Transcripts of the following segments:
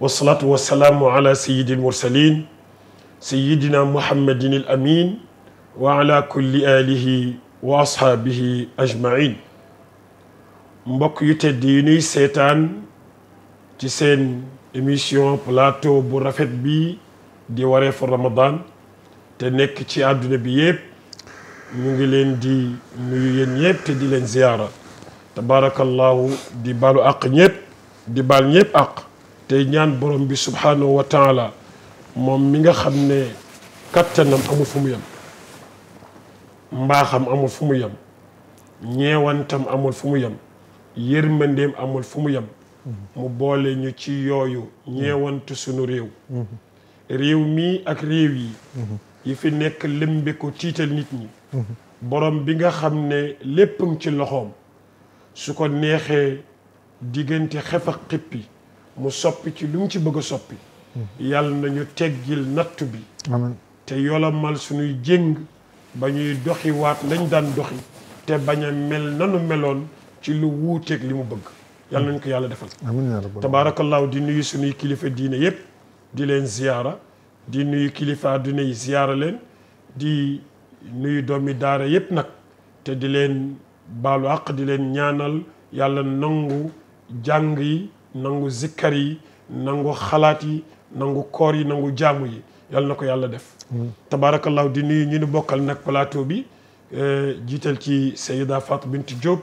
wasalaatu wasalaamu ala sayyidil mursalin sayyidina muhammadin al amin wa ala kulli alihi wa ashaabihi ajmain mbokk yu tedd yi nuy seetaan ci seen émission plateau bu rafet bi di wareefu Ramadan te nekk ci àdduna bi yëpp ñu ngi leen di nuyu yéen ñëpp te di leen ziyaara tabaarakallahu di balu àq ñëpp dibal baal ñëpp àq tey ñaan borom bi subhanahu wa taala moom mi nga xam ne kattanam amul fu mu yem mbaaxam amul fu mu yem ñeewantam amul fu mu yem yërmandeem amul fu mu yem mu boole ñu ci yooyu ñeewant sunu réew réew mii ak réew yi yi fi nekk lëmbe ko tiital nit ñi borom bi nga xam ne léppam ci loxoom su ko neexee diggante xef ak xippi mu soppi ci lu mu ci bëgg a soppi yàlla nañu teggil natt bi te yolomal suñuy jéng ba ñuy doxi waat lañ daan doxi te bañ a mel nanu meloon ci lu wuuteeg li mu bëgg yàlla nañ ko yàlla defal tabaarakallaahu di nuyu suñuy kilifa diine yëpp di leen ziyaara di nuyu kilifa adduna yi ziyaara leen di nuyu doomi daara yëpp nag te di leen baalu àq di leen ñaanal yàlla nangu jàng yi nangu zikkar yi nangu xalaat yi nangu koor yi nangu jaamu yi yàlla na ko yàlla def tabaarakallaahu di nuyu ñu ni bokkal nag plateau bi eh, jiital ci Seyda Fatou Binti Diop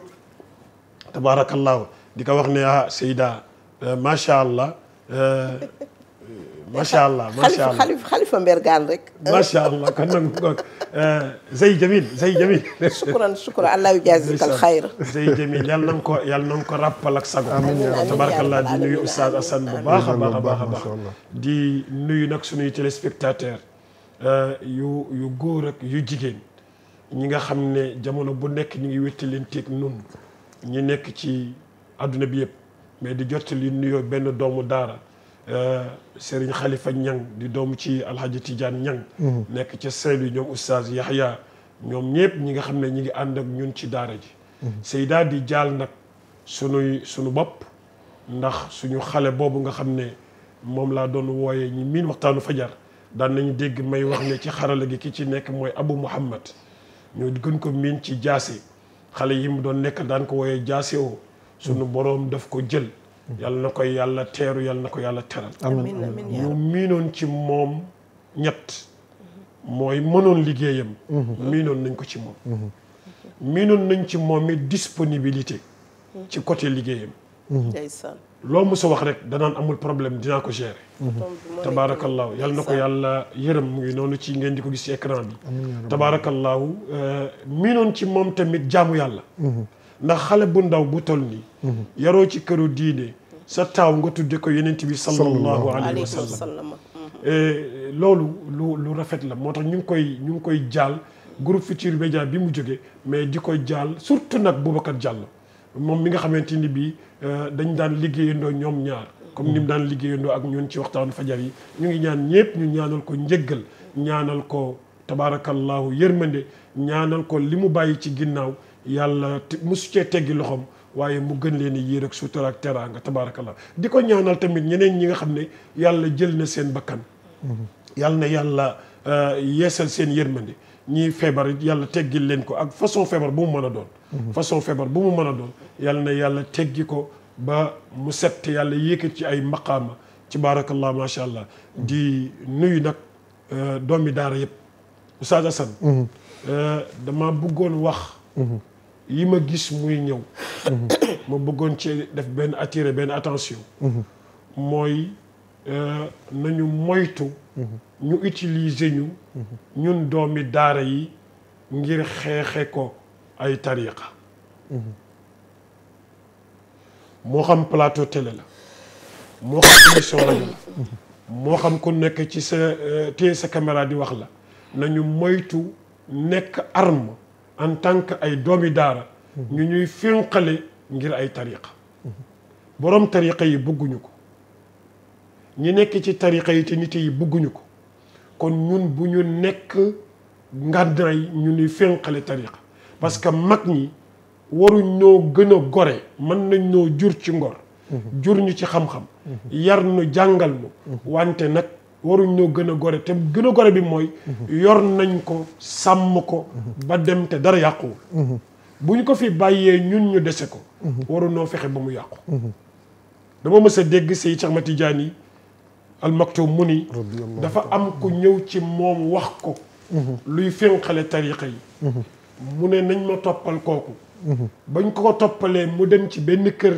tabaarakallaahu di ko wax ne ah Seyda eh, macha allah eh, macha allah macha allah xalif xalifa mbergaan rek. macha allah kon nag eh, Zey Jamil Zey Jamil. sukkuran sukkuran allah yu jaazikal xayr. Zey Jamil yal na ko yal na ko rappal ak sago. amiin amiin tabaarakallah di nuyu Oustaz Assane bu baax a baax a baax a baax. di nuyu nag suñuy téléspectateurs. Eh, yu yu góor ak yu jigéen. ñi nga xam ne jamono bu nekk ñu ngi wéttalinteeg nun ñi nekk ci adduna bi yëpp mais di jottali nuyoo benn doomu daara. Eh, Serigne xalifa Niang di doom ci Alhaji Tidiane ñaŋ mhm. nekk ca Saint-Louis ñoom oustaz Yahya ñoom ñëpp ñi nga xam ne ñi ngi ànd ak ñun ci daara ji mhm. Seyda di jaal nag sunuy sunu bopp ndax suñu xale boobu nga xam ne moom laa doon wooye ñi miin waxtaanu fajar daan nañu dégg may wax ne ci xarala gi ki ci nekk mooy Abu Muhammad ñu gën ko miin ci jaase xale yi mu doon nekk daan ko wooyee jaase o sunu boroom daf ko jël yàlla na ko yàlla teeru yàlla na ko yàlla teral ñu miinoon ci moom ñett mooy mënoon liggéeyam mm-hmm. miinoon nañ ko ci moom mm-hmm. miinoon nañ ci moom it disponibilité ci côté liggéeyam mm-hmm. loo mos wax rek danaan amul problème dinaa ko gérer tabaarakallaahu yàlla na ko yàlla yërëm mu ngi noonu ci ngeen di ko gis ci écran bi tabaarakallaahu euh, miinoon ci moom tamit jaamu yàlla ndax xale bu ndaw bu tol nii mhm. yaroo ci këru diine sa taaw nga tudde ko yonent bi sallallahu alayhi wa sallam eh, loolu lu rafet la moo tax ñu ngi koy ñu ngi koy jaal groupe Futurs Médias bi mu jóge mais di ko jaal surtout nag Boubacar Diallo moom mi nga xamante ni bii eh, dañ daan liggéeyandoo ñoom ñaar comme ni mu mhm. daan liggéeyandoo ak ñun ci waxtaanu fajar yi ñu ngi ñaan ñëpp ñu ñaanal ko njëggal ñaanal ko tabaarakallahu yërmande ñaanal ko li mu bàyyi ci ginnaaw yàlla mosu cee teggi loxoom waaye mu gën leen yii rek sutura ak teraanga tabaarakallah di ko ñaanal tamit ñeneen ñi nga xam ne yàlla jël na seen bakkan yàlla na yàlla euh, yeesal seen yërmande ñii feebar yàlla teggil leen ko ak façon feebar bu mu mën a doon façon feebar bu mu mën a doon yàlla na yàlla teggi ko ba mu set yàlla yéekat ci ay maqaama ci baarakallah macha allah di nuyu nag euh, doomi daara yëpp Oustaz Assane mm-hmm. euh, bëggoon wax yi ma gis muy ñëw. ma bëggoon ci def benn attire benn attention. mooy euh, nañu moytu. ñu utiliser ñu. ñun doomi daara yi ngir xeexe ko ay tariqa. moo xam plateau télé la. moo xam émission rajo la. moo xam ku nekk ci sa euh, téye sa caméra di wax la. nañu moytu nekk arme. en tant que ay doomi daara ñu ñuy fénqale ngir ay tariqa boroom tariqa yi bëgguñu ko ñi nekk ci tariqa yi te nit yi bëgguñu ko kon ñun bu ñu nekk ngànnaay ñu ñuy fénqale tariqa parce que mag ñi waruñ noo gën a gore mën nañ noo jur ci ngor mm-hmm. jur ñu ci xam-xam mm-hmm. yar nu jàngal nu mm-hmm. wante nag waruñ ñoo gën a gore te gën a gore bi mooy yor nañ ko sàmm ko ba dem te dara yàquwul bu ñu ko fi bàyyee ñun ñu dese ko waruñoo fexe ba mu yàqu dama mës a dégg say Cheikh Ahmed Tidiane yi almaktum mu ni dafa am ku ñëw ci moom wax ko luy fénqale tariqa yi mu ne nañ ma toppal kooku bañ ko ko toppalee mu dem ci benn kër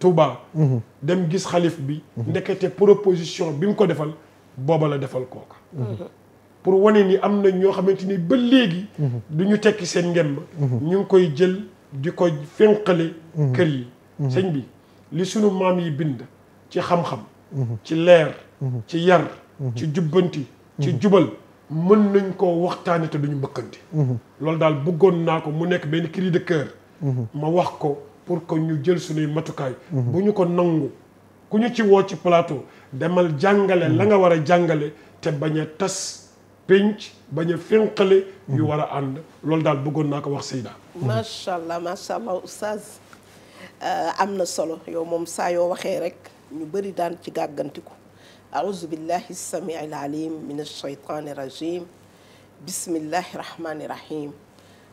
Touba mhm. dem gis xalif bi mhm. ndekete proposition bi mu ko defal booba la defal kooka. pour wane ni am na ñoo xamante ni ba léegi. du ñu tekki seen ngemb. ñu ngi koy jël di ko fénqale. kër yi sëñ bi li sunu maam yi bind ci xam-xam. ci leer. ci yar. ci jubbanti. ci jubal mën nañ koo waxtaane te ñu mbëkkanti. loolu daal bëggoon naa ko mu nekk benn cri de cœur. ma wax ko pour ko ñu jël suñuy matukaay. bu ñu ko nangu ku ñu ci woo ci plateau. demal jàngale la nga war a jàngale te bañ a tas pénc bañ a fénqale ñu war a ànd loolu daal bëggoon naa ko wax Seyda macha allah macha allah oustaz euh, am na solo yow moom saa yoo waxee rek ñu bëri daan ci gàggantiku auzu billahi samiil alim min alsheytani rajim bismillahi rahmani rahim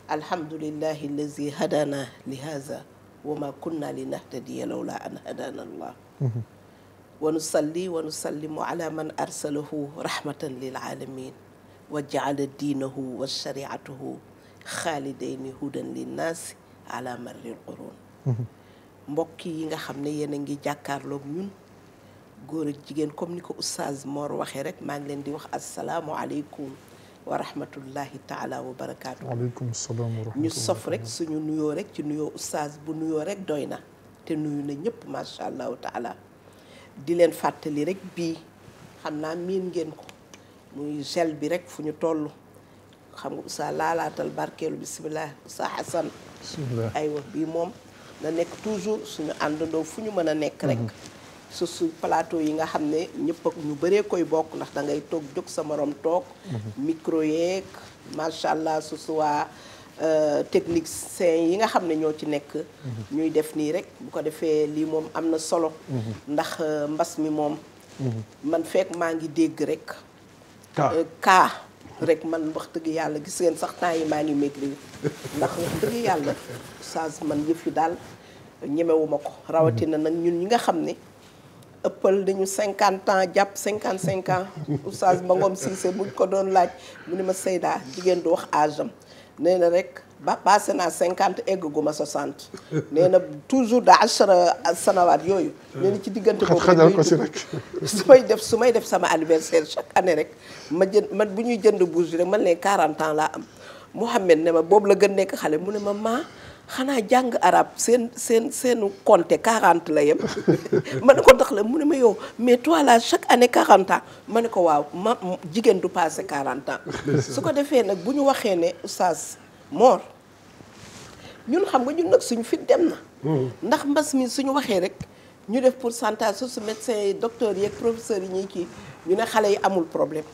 alhamdulillahi allazi hadana li haza wa ma kunna linahtadiya lawla an hadana allah mm-hmm. wa nusalli wa nusallimu ala man arsalahu rahmatan lil alamin wa jaala diinahu wa shariatahu xaalidayni hudan linnaasi ala marril qurun mbokk yi nga xam ne yéen a ngi jàkkaarloog ñun góor ak jigéen comme ni ko oustaz Mor waxee rek maa ngi leen di wax asalaamualeykum wa rahmatullahi taala wa barakaatu. waaleykum salaam wa rahmatullahi ñu sof rek suñu nuyoo rek ci nuyoo oustaz bu nuyoo rek doy na te nuyu na ñëpp macha allahu taala. di leen fàttali rek bii xam naa miin ngeen ko muy gel bi rek fu ñu toll xam nga sa laalaatal barkeelu bisimilah sa Xasan ay wax bii moom na nekk toujours suñu àndandoo fu ñu mën a nekk rek mhm. su su palaato yi nga xam ne ñëpp ak ñu bëree koy bokk ndax da ngay toog jóg sa morom toog mhm. micro yeeg macha allah su suwaa Euh, techniciens yi nga xam ne ñoo ci nekk ñuy def nii rek bu ko defee lii moom am na solo ndax euh, mbas mi moom man fekk maa ngi dégg rek kaa euh, rek man wax dëgg yàlla gis ngeen sax temps yi maa ngi maigrir ndax wax dëgg yàlla saas man yëf yi daal ñemewuma ko rawatina nag ñun ñi nga xam ne ëppal dañu cinquante ans jàpp cinquante cinq ans oustaz Mbangom Cissé buñ ko doon laaj mu ne ma Seyda jigéen du wax âge am nee na rek ba passé naa cinquante egg gu ma soixante nee na toujours daa achara sanawaat yooyu. nee na ci diggante boobu xajal rek. su may def su may def sama anniversaire chaque année rek ma jënd man bu ñuy jënd bouse bi rek man ne 40 ans laa am Mouhamed ne ma boobu la gën nekk xale mu ne ma maa. xanaa jàng arab seen seen seenu compté quarante la yem ma ne ko ndax la mu ne ma yow mais toi là chaque année 40 ans ma ne ko waaw ma jigéen du passé 40 ans. su ko defee nag bu ñu waxee ne oustaz Mor ñun xam nga ñun nag suñu fit dem na. Hmm. ndax mbas mi suñu waxee rek ñu def pour pourcentage su médecins yi docteurs yi ak professeurs yi ñuy kii ñu ne xale yi amul problème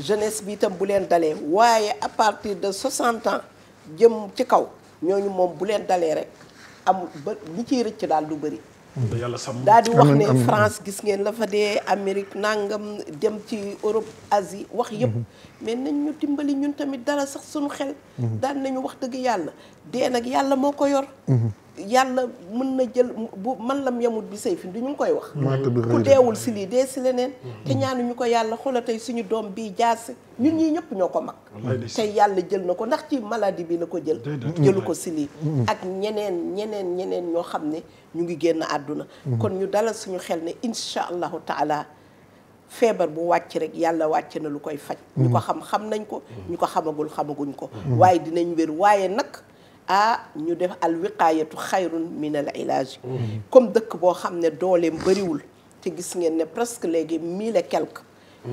jeunesse bi itam bu leen dalee waaye à partir de 60 ans jëm ci kaw. ñooñu moom bu leen dalee rek amul ba ñi ciy rëcc daal du bëri. yàlla sàmm daal di wax ne France gis ngeen la fa dee amerique nangam dem ci Europe asi wax yëpp. Mhm. mais nañ ñu dimbali ñun tamit dara sax suñu xel. Mhm. daan nañu wax dëgg yàlla dee nag yàlla moo ko yor. Mhm. yàlla mën na jël bu man la yamut bi say fi du ñu ngi koy wax ku deewul si lii dee si leneen te ñu ko yàlla xoola tey suñu doom bii jaasi ñun ñii ñëpp ñoo ko mag tey yàlla jël na ko ndax ci maladie bi la ko jël jëlu ko si lii ak ñeneen ñeneen ñeneen ñoo xam ne ñu ngi génn àdduna kon ñu dalal suñu xel ne incha allahu taala feebar bu wàcc rek yàlla wàcc na lu koy faj ñu ko xam xam nañ ko ñu ko xamagul xamaguñ ko waaye dinañ wér waaye nag ah ñu def al wiqaayatu xayrun min al ilaaj comme dëkk boo xam ne dooleem bëriwul te gis ngeen ne presque léegi mille et quelque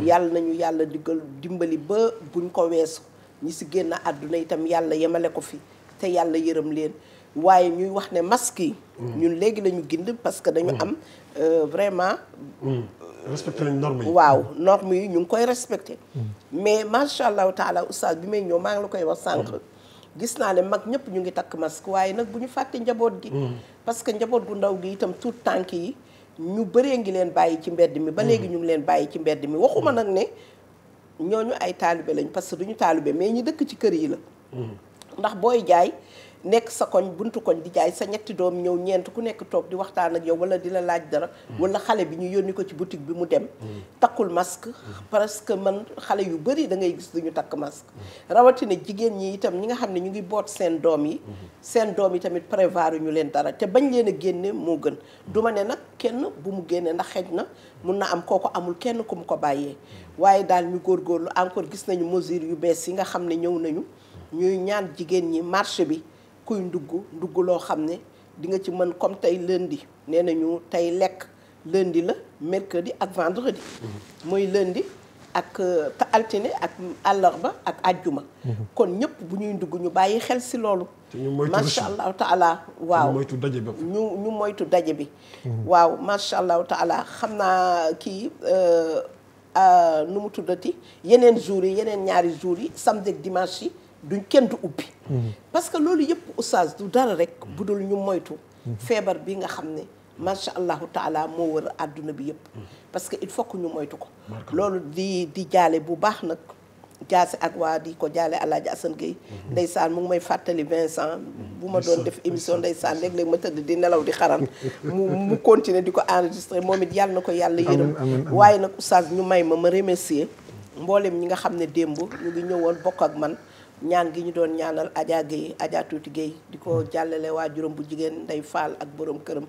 yàlla nañu yàlla diggal dimbali ba buñ ko weesu ñu si génn àdduna itam yàlla yemale ko fi te yàlla yërëm leen waaye ñuy wax ne masque yi ñun léegi lañu ñu gind parce que dañu am euh, vraiment mm. respecté nañ normes yi waaw normes yi ñu ngi koy respecté mais macha allahu taala oustaz bi may ñëw maa ngi la koy wax sànq gis naa ne mag ñëpp ñu ngi takk masque waaye nag bu ñu fàtte njaboot gi. Mm. parce que njaboot gu ndaw gi itam tout tànk yi ñu bëree ngi leen bàyyi ci mbedd mi. ba mm. léegi ñu ngi leen bàyyi ci mbedd mi waxuma mm. nag ne ñoo ñu ay taalibe lañ parce que duñu taalibe mais ñi dëkk ci kër yi la. ndax booy jaay. nekk sa koñ buntu koñ di jaay sa ñetti doom ñëw ñeent ku nekk toog di waxtaan ak yow wala di la laaj dara. Hmm. wala xale bi ñu yónni ko ci boutique bi mu dem. Hmm. takkul masque. Hmm. parce man xale yu bari da ngay gis ñu takk masque. rawatina jigéen ñi itam ñi nga xam ne ñu ngi boot seen doom yi. seen doom yi tamit prévoir ñu leen dara te bañ leen a génne moo gën. du ma ne nag kenn bu mu génnee ndax xej na mun na am kooku amul kenn ku mu ko bàyyee waaye daal ñu góorgóorlu encore gis nañu mesures yu bees yi nga xam ne ñëw nañu ñuy ñaan jigéen ñi marché bi. kuy dugg dugg loo xam ne di nga ci mën comme tey lundi nee nañu tey lekk lundi la mercredi ak vendredi. mooy mhm. lëndi ak te altine ak àllarba ak àjjuma. Mhm. kon ñëpp bu ñuy dugg ñu bàyyi xel si loolu. macha allahu taala waaw ñu moytu daje bi ñu moytu daje bi. Mhm. waaw macha allahu taala xam naa kii. Euh, euh, nu mu tuddati yeneen jours yi yeneen ñaari jours yi samedi ak dimanche yi duñ kenn du ubbi. Mm-hmm. parce que loolu yëpp oustaz du dara rek bu dul ñu moytu. Mm-hmm. feebar bi nga xam ne macha allahu taala moo wër àdduna bi yëpp. Mm-hmm. parce que il faut que ñu moytu ko. loolu di di jaale bu baax nag. jaase ak waa di ko jaale Alaaji Assane Gueye ndeysaan mu ngi may fàttali Vincent bu ma doon def émission ndeysaan léeg-léeg ma tëdd di nelaw di xaran mu mu continuer di ko enregistré moom it yàlla na ko yàlla yërëm waaye nag oustaz ñu may ma ma remercier mboolem ñi nga xam ne démb ñu ngi ñëwoon bokk ak man ñaan gi ñu doon ñaanal ajaa Guèye Adja Tuuti Guèye di ko jàllale waa juróom bu jigéen Ndey Faal ak boroom këram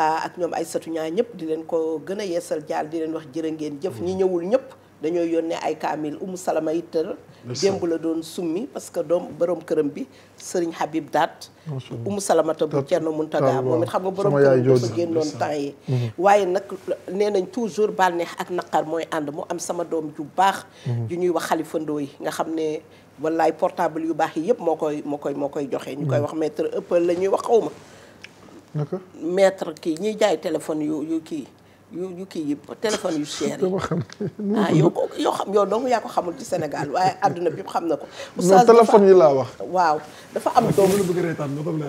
ak ñoom ay satu ñaa ñëpp di leen ko gën a yeesal jaar di leen wax jërë ngeen jëf ñi ñëwul ñëpp dañoo yónnee ay kaamil umu salama ittër démb la doon summi parce que doom borom këram bi sëriñ Habib Daat umu salamata bu Cerno Muntaga moom it xam nga borom këram dafa génnoon temps yi mhm. waaye nag nee nañ toujours bànneex ak naqar mooy ànd mu am sama doom ju baax mhm. ju ñuy wax xalifandoo yi nga xam ne wallaay portable yu baax yi yëpp moo koy moo koy moo koy joxee ñu koy mm. wax maître ëppal la ñuy wax xaw ma. naka kii ñuy jaay téléphone yu yu kii yu kii yi téléphone yu cher yi. Ah, yow ko yoo xam yow yaa ko xamul ci Sénégal waaye àdduna bi xam na ko. oustaz téléphone yi laa wax. waaw dafa am doom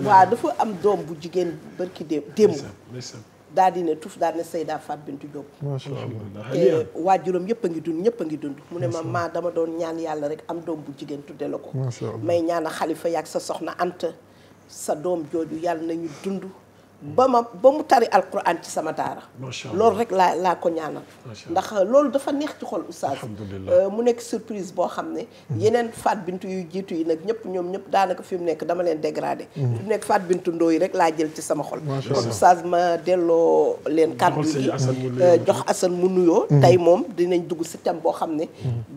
waaw dafa am doom bu jigéen barki démb démb. daal di ne tuf daal ne Seyda Fat Bintou Diop waa waajuram yëpp a ngi dund ñëpp a ngi dund mu ne ma maa dama doon ñaan yàlla rek am doom bu jigéen tudde la ko may ñaan a xalifa yaag sa soxna ant sa doom jooju yàlla na nañu dund ba ma ba mu tari al alquran ci sama daara loolu rek laa laa ko ñaanal ndax euh, loolu dafa neex ci xol oustaz euh, mu nekk surprise boo xam ne mm-hmm. yeneen faat bintu yu jiitu yi nag ñëpp ñoom ñëpp daanaka fi mu nekk dama leen dégradé mm-hmm. fi faat bintu ndoo yi rek laa jël ci sama xol kon delloo leen kàddu yi euh, jox asan mu nuyoo mm-hmm. tey moom dinañ dugg si thème boo xam ne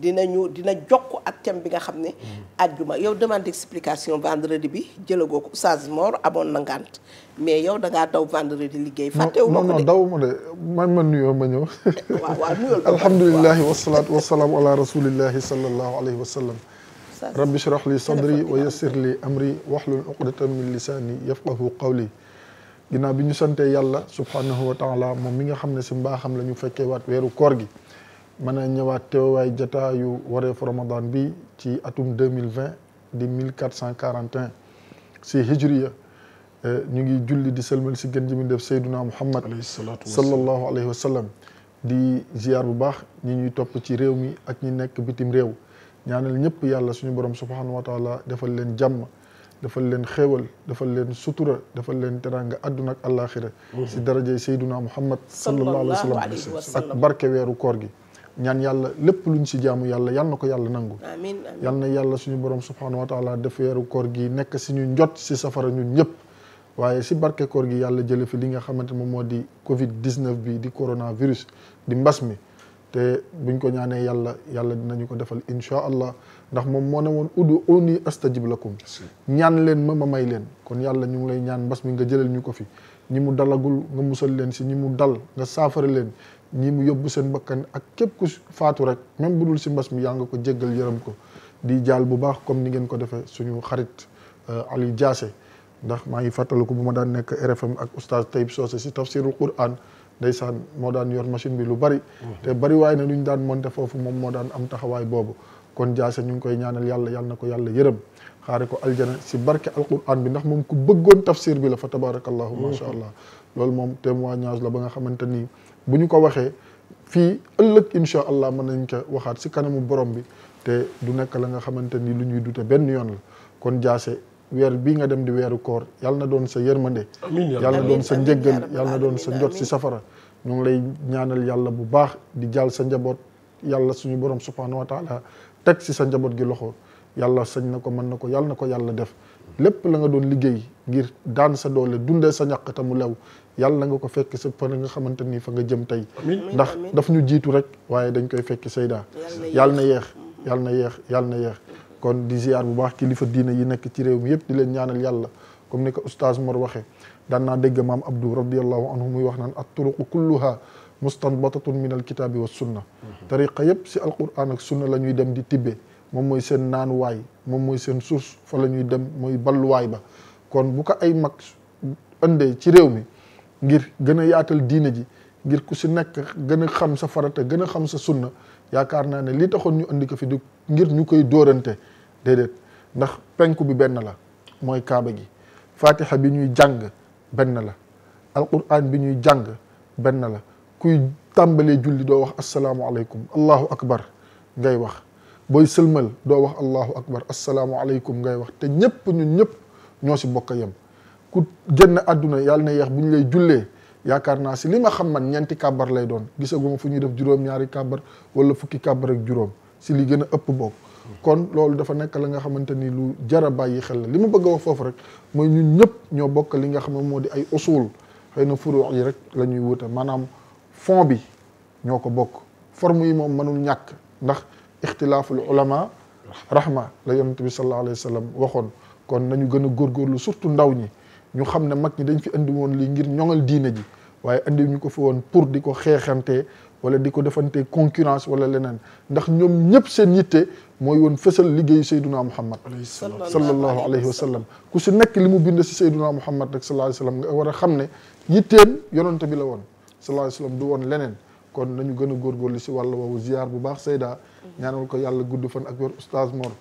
dinañu dina jokk ak thème bi nga xam ne ajjuma yow demande explication vendredi bi jëlagoo ko oustaz moor aboon na ngànt mais yow da ngaa daw vendredi liggéey. ma ko de ma man ma nuyoo ma ñëw. waaw waaw nuyoo la alhamdulilah wasalaatu wasalaam ala rasulillahi sallallahu alayhi wa sallam. rabbi shrah li sadri wa yassir li amri wahlul uqdatan min lisani yafqahu qawli. ginnaaw bi ñu santee yàlla subhanahu wa moom mi nga xam ne si mbaaxam la ñu fekkee waat weeru koor gi. mën a ñëwaat teewaay jataayu wareefu Ramadan bi ci atum deux mille vingt di mille quatre cent quarante si hijriya ñu ngi julli di sëlmal si gën ji mu def Seyduna Muhammad sallallahu alayhi wa sallam di ziar bu baax ñu ñuy topp ci réew mi ak ñi nekk bitim réew ñaanal ñëpp yàlla suñu borom subhanahu wa taala defal leen jàmm defal leen xéewal defal leen sutura defal leen teraanga àdduna ak àllaaxira si darajey Seyduna Muhammad sallallahu alayhi wa sallam ak barke weeru koor gi ñaan yàlla lépp lu ñu si jaamu yàlla yal na ko yàlla nangu yàlla suñu borom subhanahu wa taala def weeru koor gi nekk si ñu njot si safara ñun ñëpp waaye si barke koor gi yàlla jële fi li nga xamante moom moo di Covid 19 bi di coronavirus di mbas mi te buñ ko ñaanee yàlla yàlla dinañu ko defal incha allah ndax moom moo ne woon udu uni astajib lakum ñaan leen ma ma may leen kon yàlla ñu ngi lay ñaan mbas mi nga jëlal ñu ko fi ñi mu dalagul nga musal leen si ñi mu dal nga saafara leen ñi mu yóbbu seen bakkan ak képp ku faatu rek même bu dul si mbas mi yaa nga ko jéggal yërëm ko di jaal bu baax comme ni ngeen ko defee suñu xarit euh, Aliou Diassé ndax maa ngi ko bu ma daan nekk RFM ak oustaz Taïb Socé si tafsirul Quran ndeysaan moo daan yor machine bi lu bari. Mhm. te bari waaye ne lu ñu daan monte foofu moom moo daan am taxawaay boobu. kon jaase ñu ngi koy ñaanal yàlla yàlla na ko yàlla yërëm xaare ko aljana si barke alquran bi ndax moom ku bëggoon tafsir bi la fa tabarakallahu macha mhm. allah loolu moom témoignage la ba nga xamante nii bu ñu ko waxee fii ëllëg incha allah mën nañ ko waxaat si kanamu borom bi te du nekk la nga xamante ni lu ñuy dute benn yoon la weer bii nga dem di weeru koor yàlla na doon sa yërmande yàlla na doon sa njëggal yàlla na doon sa njot si safara ñu ngi lay ñaanal yàlla bu baax di jàll sa njaboot yàlla suñu borom subhanahu wa teg si sa njaboot gi loxo yàlla sañ na ko mën na ko yàlla na ko yàlla def lépp la nga doon liggéey ngir daan sa doole dundee sa ñàq te mu lew yàlla nga ko fekk sa fa nga xamante ni fa nga jëm tey ndax daf ñu jiitu rek waaye dañ koy fekk sayda yàlla na yeex yàlla na yeex yàlla na yeex kon di ziar bu baax kilifa diina yi nekk ci réew mi yëpp di leen ñaanal yàlla comme ni ko oustaz Mor waxee daan naa dégg maam Abdou radiallahu anhu muy wax naan at turuqu kulluha mustanbatatun min al kitaabi wa sunna tariqa yëpp si alquran ak sunna la ñuy dem di tibbee moom mooy seen naanuwaay moom mooy seen source fa la ñuy dem mooy balluwaay ba kon bu ko ay mag indee ci réew mi ngir gën a yaatal diina ji ngir ku si nekk gën a xam sa farata gën a xam sa sunna yaakaar naa ne li taxoon ñu indi ko fi di ngir ñu koy dóorante déedéet ndax penku bi benn la mooy kaaba gi fatiha bi ñuy jàng benn la alquran bi ñuy jàng benn la kuy tàmbalee julli doo wax asalaamualeykum allahu akbar ngay wax booy sëlmal doo wax allahu akbar aleykum ngay wax te ñëpp ñun ñëpp ñoo si bokk yam ku génn àdduna yàlla na yeex bu ñu lay jullee yaakaar naa si li ma xam man ñeenti kàbbar lay doon gisaguma fu ñuy def juróom-ñaari kàbbar wala fukki kàbbar ak juróom si li gën a ëpp bokk kon loolu dafa nekk la nga xamante ni lu jar a bàyyi xel la li ma bëgg a wax foofu rek mooy ñun ñëpp ñoo bokk li nga xam ne moo di ay usul xëy na furu yi rek la ñuy wute maanaam fond bi ñoo ko bokk forme yi moom mënul ñàkk ndax ixtilaaful ulama rahma la yonent bi sallallahu alayhi wa sallam waxoon kon nañu gën a góorgóorlu surtout ndaw ñi ñu xam ne mag ñi dañ fi indi woon lii ngir ñoŋal diine ji waaye indi ñu ko fi woon pour di ko xeexante wala di ko defante concurrence wala leneen ndax ñoom ñëpp seen yitte mooy woon fësal liggéeyu sayduna muhammad sallallahu alayhi wa sallam ku si nekk li mu bind si sayduna muhammad rek sallallahu alayhi wa sallam nga war a xam ne yitteem yonante bi la woon sallallahu alayhi wa sallam du woon leneen kon nañu gën a góorgóorlu si wàll woowu ziar bu baax sayda ñaanal ko yàlla gudd fan ak wér oustaz Mor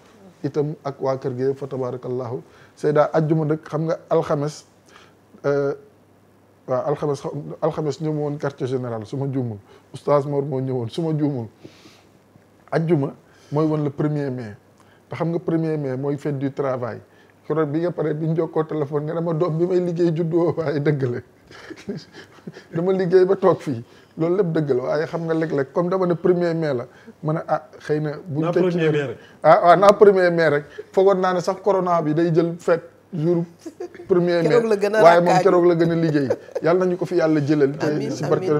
itam ak waa kër gi yëpp fa tabarakallahu sayda ajjuma nag xam nga alxames euh, waaw alxames alxames ñëw woon quartier général su ma juumul oustaz Mor moo ñëwoon su ma juumul ajjuma mooy woon le premier mai te xam nga premier mai mooy fête du travail keroog bi nga pare bi ñu jokkoo téléphone nga dama doom bi may liggéey juddoo waaye dëgg la dama liggéey ba toog fii loolu lépp dëgg la waaye xam nga léeg-léeg comme dama ne premier mai la ma ne ah xëy na. bu ñu teg ah waaw naa premier mai rek foogoon naa ne sax corona bi day jël fête jour premier mai waaye moom keroog la gën a liggéey yàlla nañu ko fi yàlla jëlal te si barke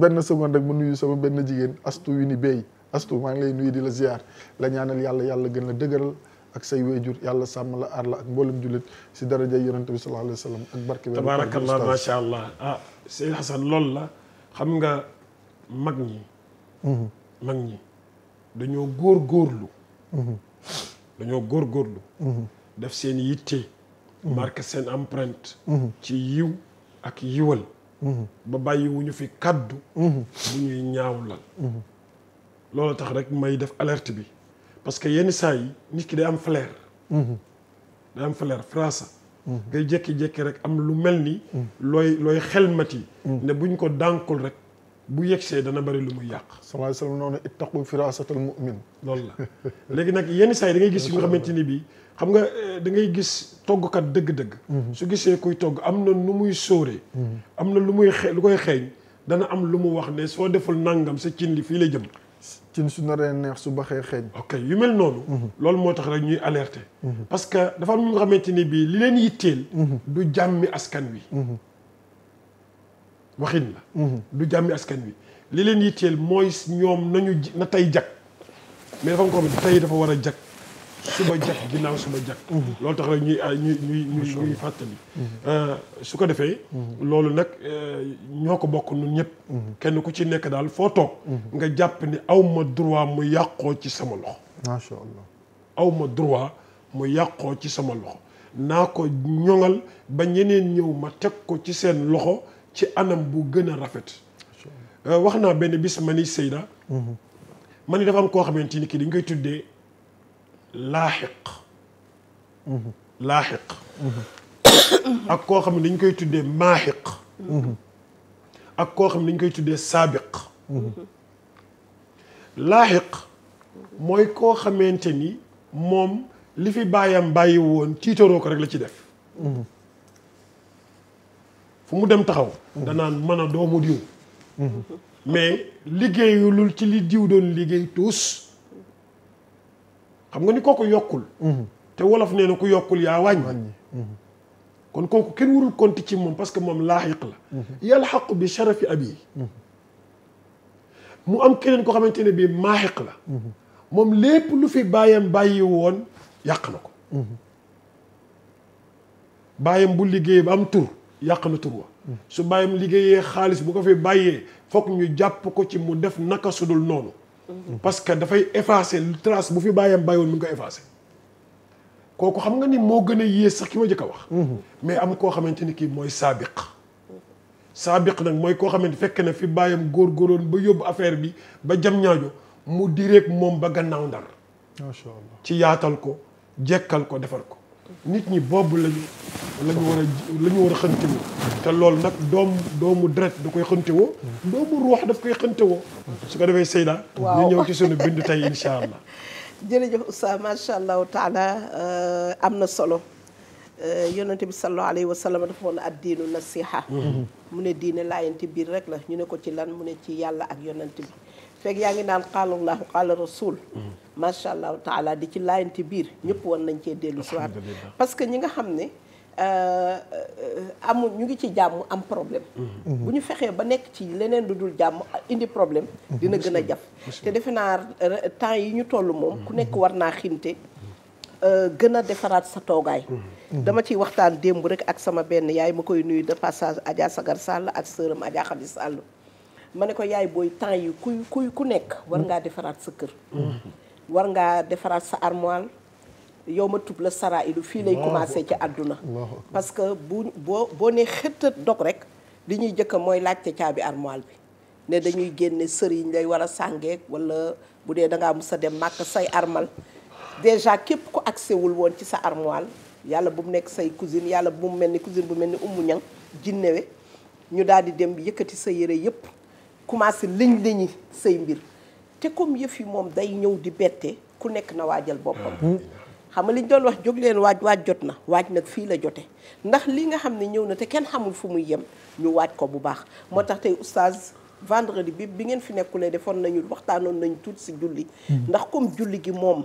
benn seconde rek ma nuyu sama benn jigéen astu wi ni bay astu maa ngi lay nuyu di la ziar la ñaanal yàlla yàlla gën la dëgëral ak say wéyjur yàlla sàmm la aar la ak mboolem jullit si daraja yonente bi sallallahu alayhi wa sallam ak barke tabaarakallah macha allah ah Seydou Hassan loolu la xam nga mag ñi mhm. mag ñi dañoo góor góorlu mhm. dañoo góor góorlu mhm. def seen yitte marqué seen empreinte ci yiw ak yiwal ba bàyyi wu ñu fi kàddu bu ñuy ñaawlal loolu tax rek may def alerte bi parce que yenn saa yi nit ki day am flair. day am flair frasa ngay jékki-jékki rek am lu mel ni. looy looy xelmati. ne buñ ko dànkul rek. bu yegsee dana bari lu muy yàq. sallallahu alayhi wa sallam noonu ittaqu firaasatal mu'min. loolu léegi nag yenn saa yi ngay gis yu nga xamante ni bii xam eh, da ngay gis toggkat dëgg gisee kuy togg am na lu muy sóoree. am na lu muy xe lu koy xeeñ dana am lu mu wax ne soo deful nangam sa cin li fii lay jëm. cin su naree neex su baxee xeeñ. ok yu mel noonu. Mhm. loolu moo tax rek ñuy alerter. Mhm. parce que dafa am nga xamante ni bii li leen yitteel. Mhm. du jàmmi askan wi. waxin la. du jàmmi askan wi li leen yitteel mooy ñoom nañu na tey jag mais dafa am ko tey dafa war a jag. suba jag ginnaaw suba jag mhm. loolu tax rek ñuy ñuy ñuy ñuy fàttali mhm. euh, su ko defee mhm. loolu nag euh, ñoo ko bokk nun ñëpp kenn ku ci nekk daal foo toog nga jàpp ni aw ma droit mu yàqoo ci sama loxo macha aw ma droit mu yàqoo ci sama loxo naa ko ñoŋal ba ñeneen ñëw ma teg ko ci seen loxo ci anam bu gën a rafet euh, wax naa benn bis ma ni Seyda ma ni dafa am koo xamante ni kii dañ ngay tuddee laaxiq mhm. laaxiq mhm. ak koo xam ne dañ koy tuddee maaxiq mhm. ak koo xam ne dañ koy tuddee saabiq laaxiq mooy koo xamante ni moom li fi bàyyam bàyyi woon tiitaroo ko rek la ci def fu mu dem taxaw danaan mën a doomu diw mais liggéeyulul ci li diw doon liggéey tuus xam nga ni kooku yokkul. Mhm. te wolof nee na ku yokkul yaa wàññi. Mhm. kon kooku kenn warul konti ci moom parce que moom laaxiq la. Mhm. yàlla xaqu bi sharafi yi mu am keneen ko xamante ne bii maaxiq la. moom lépp lu fi bàyyam bàyyi woon yàq na ko. bàyyam bu liggéey ba am tur yàq na tur wa. su bàyyam liggéeyee xaalis bu ko fi bàyyee foog ñu jàpp ko ci mu def naka sudul noonu. parce que dafay effacer lu trace bu fi bàyyam bàyyiwoon mi ngi ko effacer. kooku xam nga ni moo gën a yées sax ki ma jëkk a wax. Mhm. mais am koo xamante ni kii mooy saabiq. saabiq nag mooy koo xamante fekk na fi bàyyam góorgóoroon ba yóbbu affaire bi ba jam ñaajo mu direeg moom ba gannaaw ndar. ci yaatal ko jekkal ko defar ko. nit ñi boobu lañu lañu war a la war a xëntewoo te loolu nag doom doomu deret da koy xëntewoo doomu ruux daf koy xëntewoo su ko defee Seyda ñu ñëw ci sunu bind tey incha allah jërëjëf Oustaz macha allahu taala euh, am na solo euh, yonente bi sallallahu alayhi wa sallam dafa woon ad diinu nasiha mhm. mu ne diine laayante biir rek la ñu ne ko ci lan mu ne ci yàlla ak yonente bi fekk yaa ngi naan xaalallahu xaala rasul macha mm-hmm. allah taala di ci ti biir ñëpp war nañ cee dellu si parce que ñi nga xam ne euh, euh, amul ñu ngi ci jàmm am problème mm-hmm. bu ñu fexee ba nekk ci leneen lu dul jàmm indi problème mm-hmm. dina gën a jaf te defe naa temps yi ñu toll moom ku nekk war naa xinte euh, gën a defaraat sa toogaay dama ciy waxtaan démb rek ak sama benn yaay ma koy nuyu de passage Adja Sagar Sall ak sëram Adja Xadi Sall ma ne ko yaay booy temps yi kuy kuy ku nekk war ngaa defaraat sa kër war ngaa defaraat sa armoire yow ma tub la sara idu fii lay commencé ci àdduna parce que bu boo boo ne xëttat dog rek li ñuy jëkka mooy laajte caabi armoire bi ne dañuy génne sër yi ñu lay war wala bu dee da ngaa mus a dem màkk say armal déjà képp ku accès wul woon ci sa armoire yàlla bu mu nekk say cousine yàlla bu mu mel ni cousine bu mel ni ummu ñang jinnewe ñu daal di dem yëkkati sa yére yëpp commencé liñ liñi say mbir te comme yëf yi moom day ñëw di bette ku nekk na waajal boppam hmm. xam nga liñ doon wax jóg waaj waaj jot na waaj nag fii la jote ndax li nga xam ne ñëw na te kenn xamul fu muy yem ñu waaj ko bu baax moo tax tey oustaz vendredi bi bi ngeen fi nekkulee defoon nañu waxtaanoon nañu tuuti si julli hmm. ndax comme julli gi moom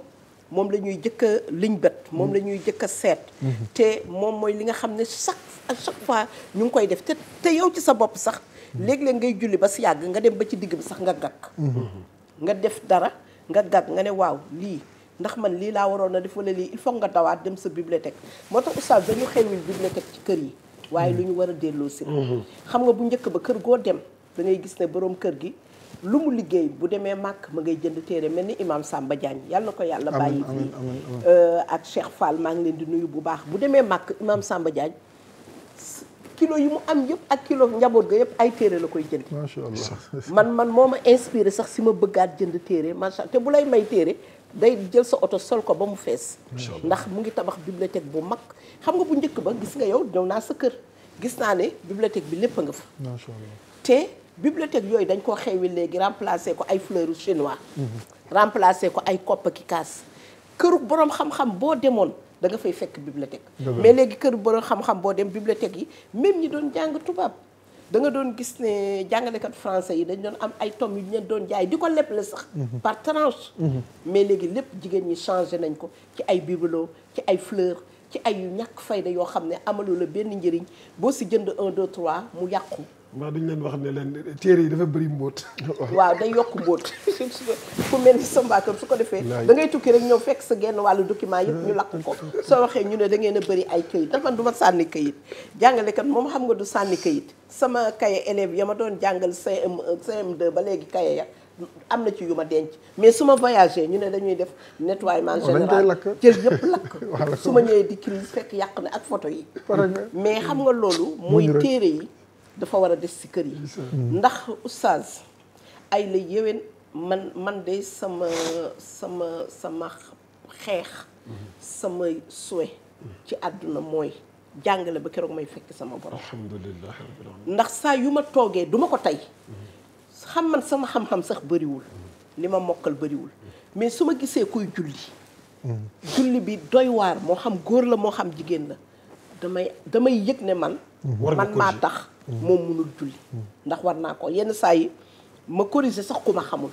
moom la ñuy jëkk a liñ bët moom la ñuy jëkk a seet hmm. te moom mooy li nga xam ne chaque à fois ñu ngi koy def te te yow ci sa bopp sax léegi léeg ngay julli ba si yàgg nga dem ba ci digg bi sax nga gàkk mhm. nga def dara nga gàkk nga ne waaw lii ndax man lii laa waroon a def wala lii il faut nga dawaat dem sa bibliothèque moo tax oustaz dañu xewil bibliothèque ci kër yi waaye mhm. lu ñu war a delloo si mhm. xam nga bu njëkk ba kër goo dem da ngay gis ne boroom kër gi lu mu liggéey bu demee màkk ma ngay jënd téere mel ni imam Samba Diagne yàlla na ko yàlla bàyyi fii euh, ak Cheikh Fall maa ngi leen di nuyu bu baax bu demee màkk imam Samba Diagne kilo yi mu am yëpp ak kilo njaboot ga yëpp ay téere la koy jënd macha man man moo ma inspiré sax si ma bëggaat jënd téere macha allah te bu lay may téere day jël sa oto sol ko ba mu fees ndax mu ngi tabax bibliothèque bu mag xam nga bu njëkk ba gis nga yow ñëw naa sa kër gis naa ne bibliothèque bi lépp a nga fa macha allah te bibliothèque yooyu dañ koo xewi léegi remplacé ko ay fleurs chinois mhm. remplacé ko ay kopp ki kaas këru boroom xam-xam boo demoon da nga fay fekk bibliothèque mais léegi kër borom xam-xam boo dem bibliothèque yi même ñi doon jàng tubaab da nga doon gis ne jàngalekat français yi dañ doon am ay tom yu ñu leen doon jaay di ko lepp la sax mhm. par tranche mhm. mais léegi lépp jigéen ñi changé nañ ko ci ay bibelots ci ay fleurs ci ay yu ñàkk fayda yoo xam ne amalu la benn njëriñ boo si jënd un deux trois mu yàqu ndax dañ leen wax ne leen téere yi dafa bëri mbóot waaw day yokk mbóot ku mel ni sambaakam su ko defee da ngay tukki rek ñëw fekk sa genn wàll document yëpp ñu lakk ko soo waxee ñu ne da ngeen a bëri ay këyit dafa du ma sànni këyit jàngalekat moom xam nga du sànni këyit sama kaye élèves ya ma doon jàngal CM CM2 ba léegi kaye ya am na ci yu ma denc mais su ma ñu ne dañuy def nettoiement oh, général jël yëpp lakk su ma ñëwee di crise fekk yàq na ak photo yi mais xam nga loolu mooy téere yi dafa war a des ci kër yi mm. ndax oustaz ay la yéwén man man de sama sama sama xeex mm-hmm. sama suwe ci àdduna mooy jàngale ba keroog may fekk sama borom alhamdulilah ndax saa yu ma toogee duma ko tey mm-hmm. xam man sama xam-xam sax bëriwul mm-hmm. li ma mokkal bariwul mais su ma gisee kuy julli mm. julli bi doy waar moo xam góor la moo xam jigéen la damay damay yëg ne man man maa tax moom mënul julli ndax war naa ko yenn saa yi ma corriger sax ku ma xamul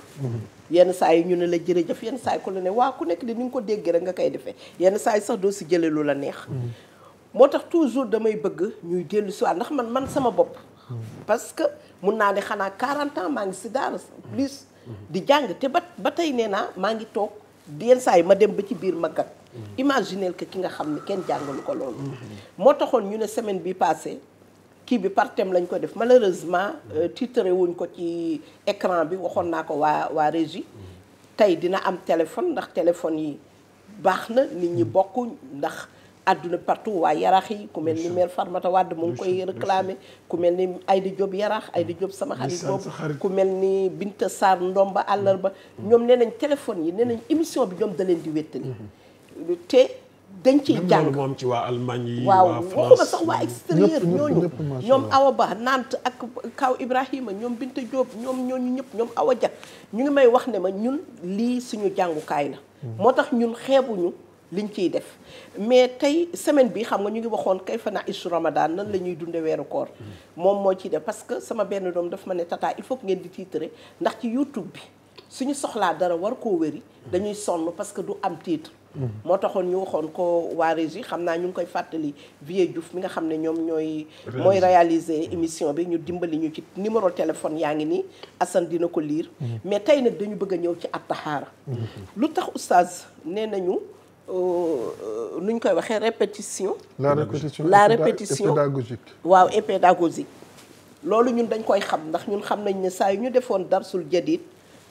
yenn saa yi ñu ne la jëf yenn saa yi la ne waa ku nekk di ni nga ko déggee nga koy defee yenn saa yi si jëlee lu la neex moo tax toujours damay bëgg ñuy dellu si waat ndax man man sama bopp parce que mun naa ne xanaa quarante ans maa ngi si daara plus di jàng te ba tey nee naa maa ngi toog yenn saa yi ma dem ba ci biir ma gag imaginel que ki nga xam ne kenn jàngalu ko loolu moo taxoon ñu ne semaine bi passée kii bi par thème lañ ko def malheureusement euh, titré wuñ ko ci écran bi waxoon naa ko waa waa régie tey dina am téléphone ndax téléphone yi baax na nit ñi hmm. bokk ndax àdduna partout waa yarax yi ku mel ni maire Farmata Wade mu ngi koy réclamer ku mel ni ay Aïda Diop ay Aïda Diop sama xarit boobu ku mel ni bint saar Sarr ndomba àllarba hmm. ñoom nee nañ téléphone yi nee nañ émission bi ñoom da di wéttali hmm. te dañ ciy jàng ci waa Allemagne yi waaw waxuma sax waa extérieur ñooñu ñoom Awa Ba Nant ak Kaw Ibrahima ñoom Binta Diop ñoom ñooñu ñëpp ñoom Awa Ja ñu ngi may wax ne ma ñun lii suñu jàngukaay na hmm. moo tax ñun xeebuñu liñ ciy def mais tey semaine bi xam nga ñu ngi waxoon kay fa na isu Ramadan nan la ñuy dunde weeru koor hmm. moom moo ciy def parce que sama benn doom daf ma ne tata il faut ngeen di titre ndax ci YouTube bi suñu soxlaa dara war koo wéri hmm. dañuy sonn parce que du am titre. moo taxoon ñu waxoon ko waa régie xam naa ñu ngi koy fàttali Vieux Diouf mi nga xam ne ñoom ñooy mooy réyaliser émission bi ñu dimbali ñu ci numéro téléphone yaa ngi nii Assane dina ko liir mm-hmm. mais tey nag dañu bëgg a ñëw ci at attahaara mm-hmm. lu tax oustaz nee nañu euh, euh, nuñ koy waxee répétition la répétition la répétition pédagogique waaw et pédagogique loolu ñun dañ koy xam ndax ñun xam nañ ne saa yu ñu defoon darsul jadid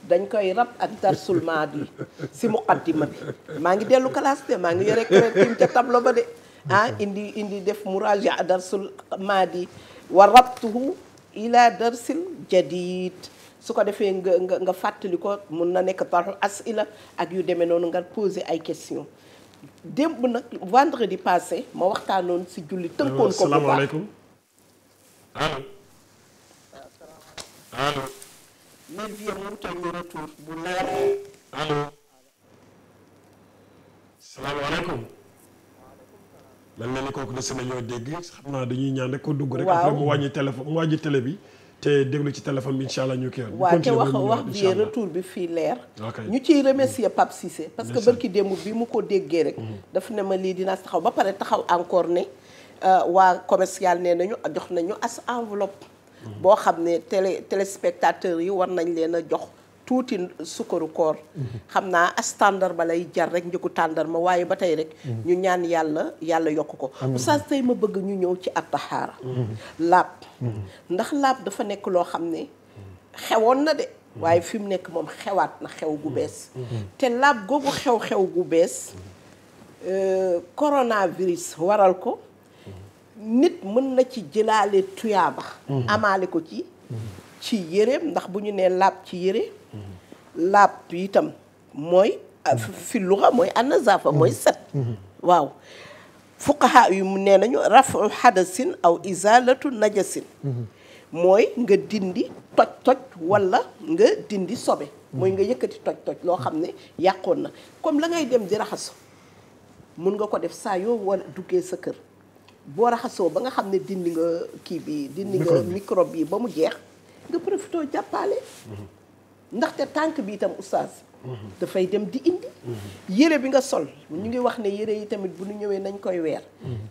dañ koy rab ak darsul maadi si muqaddima bi maa ngi dellu classe de maa ngi yore crédit ba de ah, def muraaja darsul maadi wa rabtuhu ila darsil jadid su ko defee nga nga fàttali ko mun na nekk par asila ak yu demee noonu nga poser ay question démb nag vendredi passé ma waxtaanoon si julli tënkoon ko baax ñu mu wutal ñu retour bu leer allo man mel na ni kooku de sena ñoo dégg xam naa dañuy ñaan rek koo dugg rek après mu wàññi téléphone mu wàññi télé bi te déglu ci téléphone bi incha allah ñu kii waaw te wax bi fii leer ñu ciy remercier Pape Cissé parce que barki démb bi mu ko déggee rek mhm. daf ne ma lii dinaa taxaw ba pare taxaw encore ne euh, waa commercial ne nañu jox nañu as enveloppe boo xam ne télé téléspectateurs yi war nañ leen a jox tuuti sukkaru koor xam naa as ba lay jar rek njëgu ma waaye ba tey rek ñu ñaan yàlla yàlla yokk ko oustaz tey ma bëgg ñu ñëw ci attaxaara laab ndax laab dafa nekk loo xam ne xewoon na de waaye fi mu nekk moom xewaat na xew gu bees te laab googu xew-xew gu bees euh, coronavirus waral ko nit mën na ci jëlaale tuyaaba mhm. amaale ko ci ci yëreem ndax bu ñu nee laab ci yëre laab itam mooy ah, fi luxa mooy annazafa mhm. mooy set mhm. waaw fuqaha yu nee nañu rafu xadasin aw isalatu najasin mooy nga dindi toj toj walla nga dindi sobe mooy nga yëkkati toj toj loo xam ne yàqoon na comme la ngay dem di raxas mun nga ko def saa yoo war duggee sa kër boo raxasoo ba nga xam ne dindi nga kii bi dindi nga microbe bi ba mu jeex nga profitoo jàppaale mhm. ndaxte tànk bi itam oustaz dafay dem di indi. yére bi nga sol ñu ngi wax ne yére yi tamit bu ñu ñëwee nañ koy weer.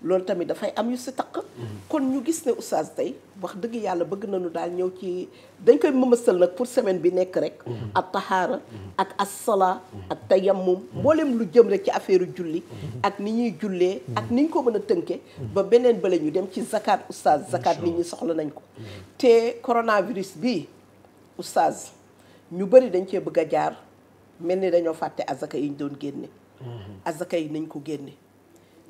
loolu tamit dafay am yu si kon ñu gis ne oustaz tey wax dëgg yàlla bëgg nañu daal ñëw ci dañ koy mëmasal nag pour semaine bi nekk rek. ak taxaara ak asala ak tayammum mboolem lu jëm rek ci affaire julli. ak ni ñuy jullee ak ni ñu ko mën a tënkee. ba beneen bële ñu dem ci zakat oustaz zakat nit ñi soxla nañ ko. te coronavirus bi oustaz ñu bëri dañ cee bëgg a jaar. mel ni dañoo fàtte azaka yi ñu doon génne. azaka yi nañ ko génne.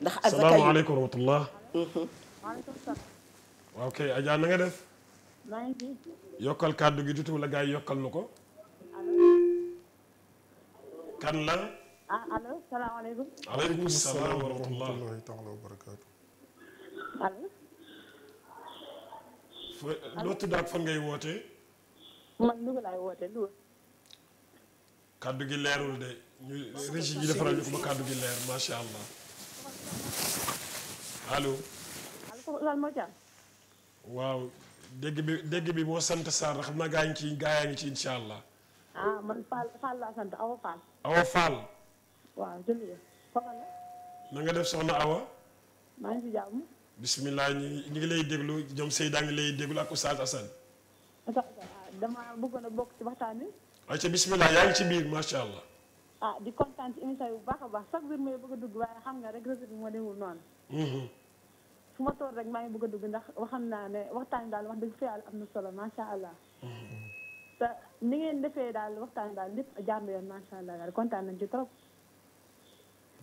ndax azaka yi salaamaaleykum wa rahmatulah. Mhm. waaleykum salaam. yokkal kàddu gi tuuti wala gars yi yokkal nu ko. kan la. ah allo salaamaaleykum. waaleykum salaam wa rahmatulah. allo. fa loo tudd ak fan ngay wootee. man Louga laay kàddu gi leerul de ñu régi yi defaral ñu ko kàddu gi leer macha allah allo. waaw dégg bi dégg bi moo sant Sarr xam naa gaa ngi ci gaa yaa ngi ci incha allah. ah man Fall Fall laa sant Awa Fall. Awa Fall. waaw jërëjëf. def soxna Awa. maa ñu ngi lay déglu ñoom Seyda ngi lay déglu ak Oustaz Assane. Ah, dama bëggoon bokk ci waxtaan wi. ayca bismillah yaa ngi ci biir macha allah. ah di kontaan ci émission yi bu baax a baax chaque jour may bëgg dugg waaye xam nga rek réseau bi moo demul noonu. Mm-hmm. fu ma toll rek maa ngi bëgg a dugg ndax waxam naa ne waxtaan daal wax dëgg fa yàlla am na solo allah. Mm-hmm. te ni ngeen defee daal waxtaan daal lépp jaar na allah daal kontaan nañ ci trop.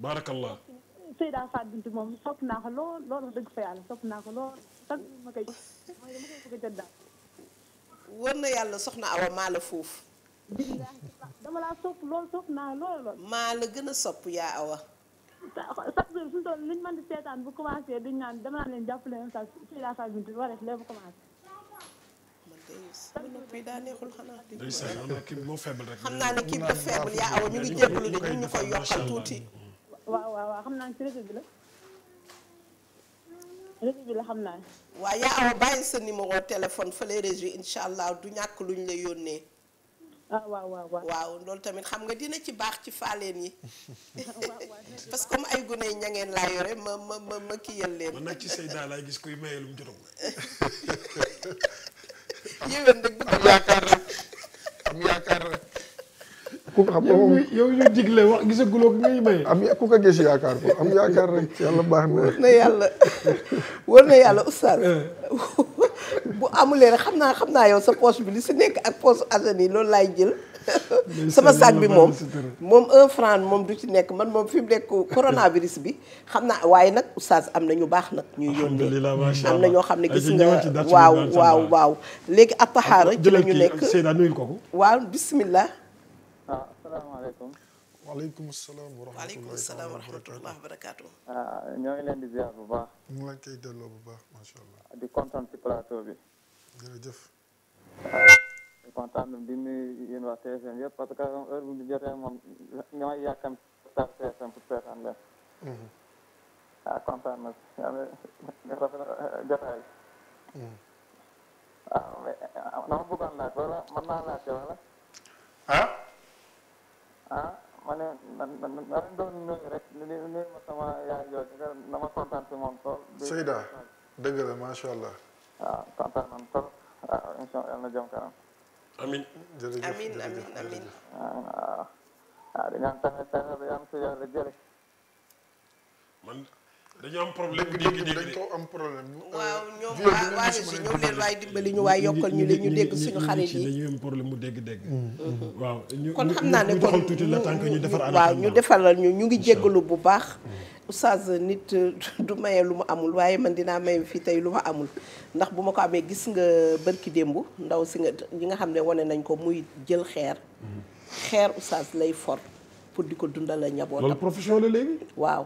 baarakallah. Seyda Fatou Bintou moom sopp naa ko lool lool dëgg fa yàlla sopp naa ko lool chaque jour ma koy mooy a jot daal. war na yàlla soxna Awa maa la foofu. dama laa sopp lool sopp naa lool lool. maa la gën a sopp yaa awa. chaque jour suñu toll liñ mën di seetaan bu commencé duñ naan dama naan leen jàppale leen sax fii laa sax bintu war a lépp commencé. xam naa ne kii dafa faible yaa awa ñu ngi jébbalu de ñu koy yokkal tuuti. waaw waaw waaw xam naa ne ci réseau bi la. réseau bi la xam naa ne. waaw yaa awa bàyyi sa numéro téléphone fële réseau incha allah du ñàkk luñ la yónnee. Ah, waaw waaw waaw tamit xam nga dina ci baax ci faaleen yi. parce que ay gune ña ngeen laa yore ma ma ma ma kiyal leen. man nag ci Seyda laay gis kuy maye lu mu jotagul. yéen rek bëgg am yaakaar rek am yaakaar rek. ku xam yow ñu digle wax ku ko gis yaakaar ko am yaakaar rek yàlla baax na. war na yàlla war na yàlla oustaz. Eh. bu amulee xam naa xam naa yow sa poche bi li si nekk ak poche agent nii loolu laay jël. sama sac bi moom moom un franc moom du ci nekk man moom fi mu nekk coronavirus bi xam naa waaye nag oustaz am na ñu baax nag ñuy yónnee am na ñoo xam ne gis nga waaw waaw waaw léegi ataxaara ci la ñu nekk waaw bismillah salaamaaleykum. waaleykum salaam wa rahmatulah. waaleykum salaam wa rahmatulah wa barakaatu. Ah, ñoo ngi leen di ziar bu baax. ñu ngi lay koy delloo bu baax macha allah. di kontaan ci plateau bi. jërëjëf. di kontaan di nuyu yéen waa TFM yëpp parce que heure bu ñu jotee moom nga may yàkkam star TFM pour seetaan leen. Mhm. ah kontaan na jotaay. waaw mhm. ah, mais ah, dama bëggoon laaj wala mën naa laajte wala. ah. ah ma ne nan nan doon nuyu rek nuyu ma sama yaay jooju nga dama kontaan si tool. Seyda dëgg la macha allah. waaw kontaan tool waaw émission yal na jëm kanam. amiin jërëjëf amiin amiin amiin. waaw waaw di ñaan dañu am problème dégg am problème. Euh, waaw ñoom waa ñoom leen waay dimbali ñu waay yokkal ñu leen ñu dégg suñu xarit yi mu dégg-dégg. Mm-hmm. Mm-hmm. waaw ñu xam naa ne kon tuuti la ñu defar waaw ñu defaral ñu ñu ngi jéggalu bu baax. Mm-hmm. oustaz nit euh, du maye lu mu amul waaye man dinaa maye fii tey lu ma amul ndax bu ma ko amee gis nga bërki démb ndaw si nga ñi nga xam ne wane nañ ko muy jël xeer. xeer oustaz lay for pour di ko dundal la ñabootam. loolu profession la léegi waaw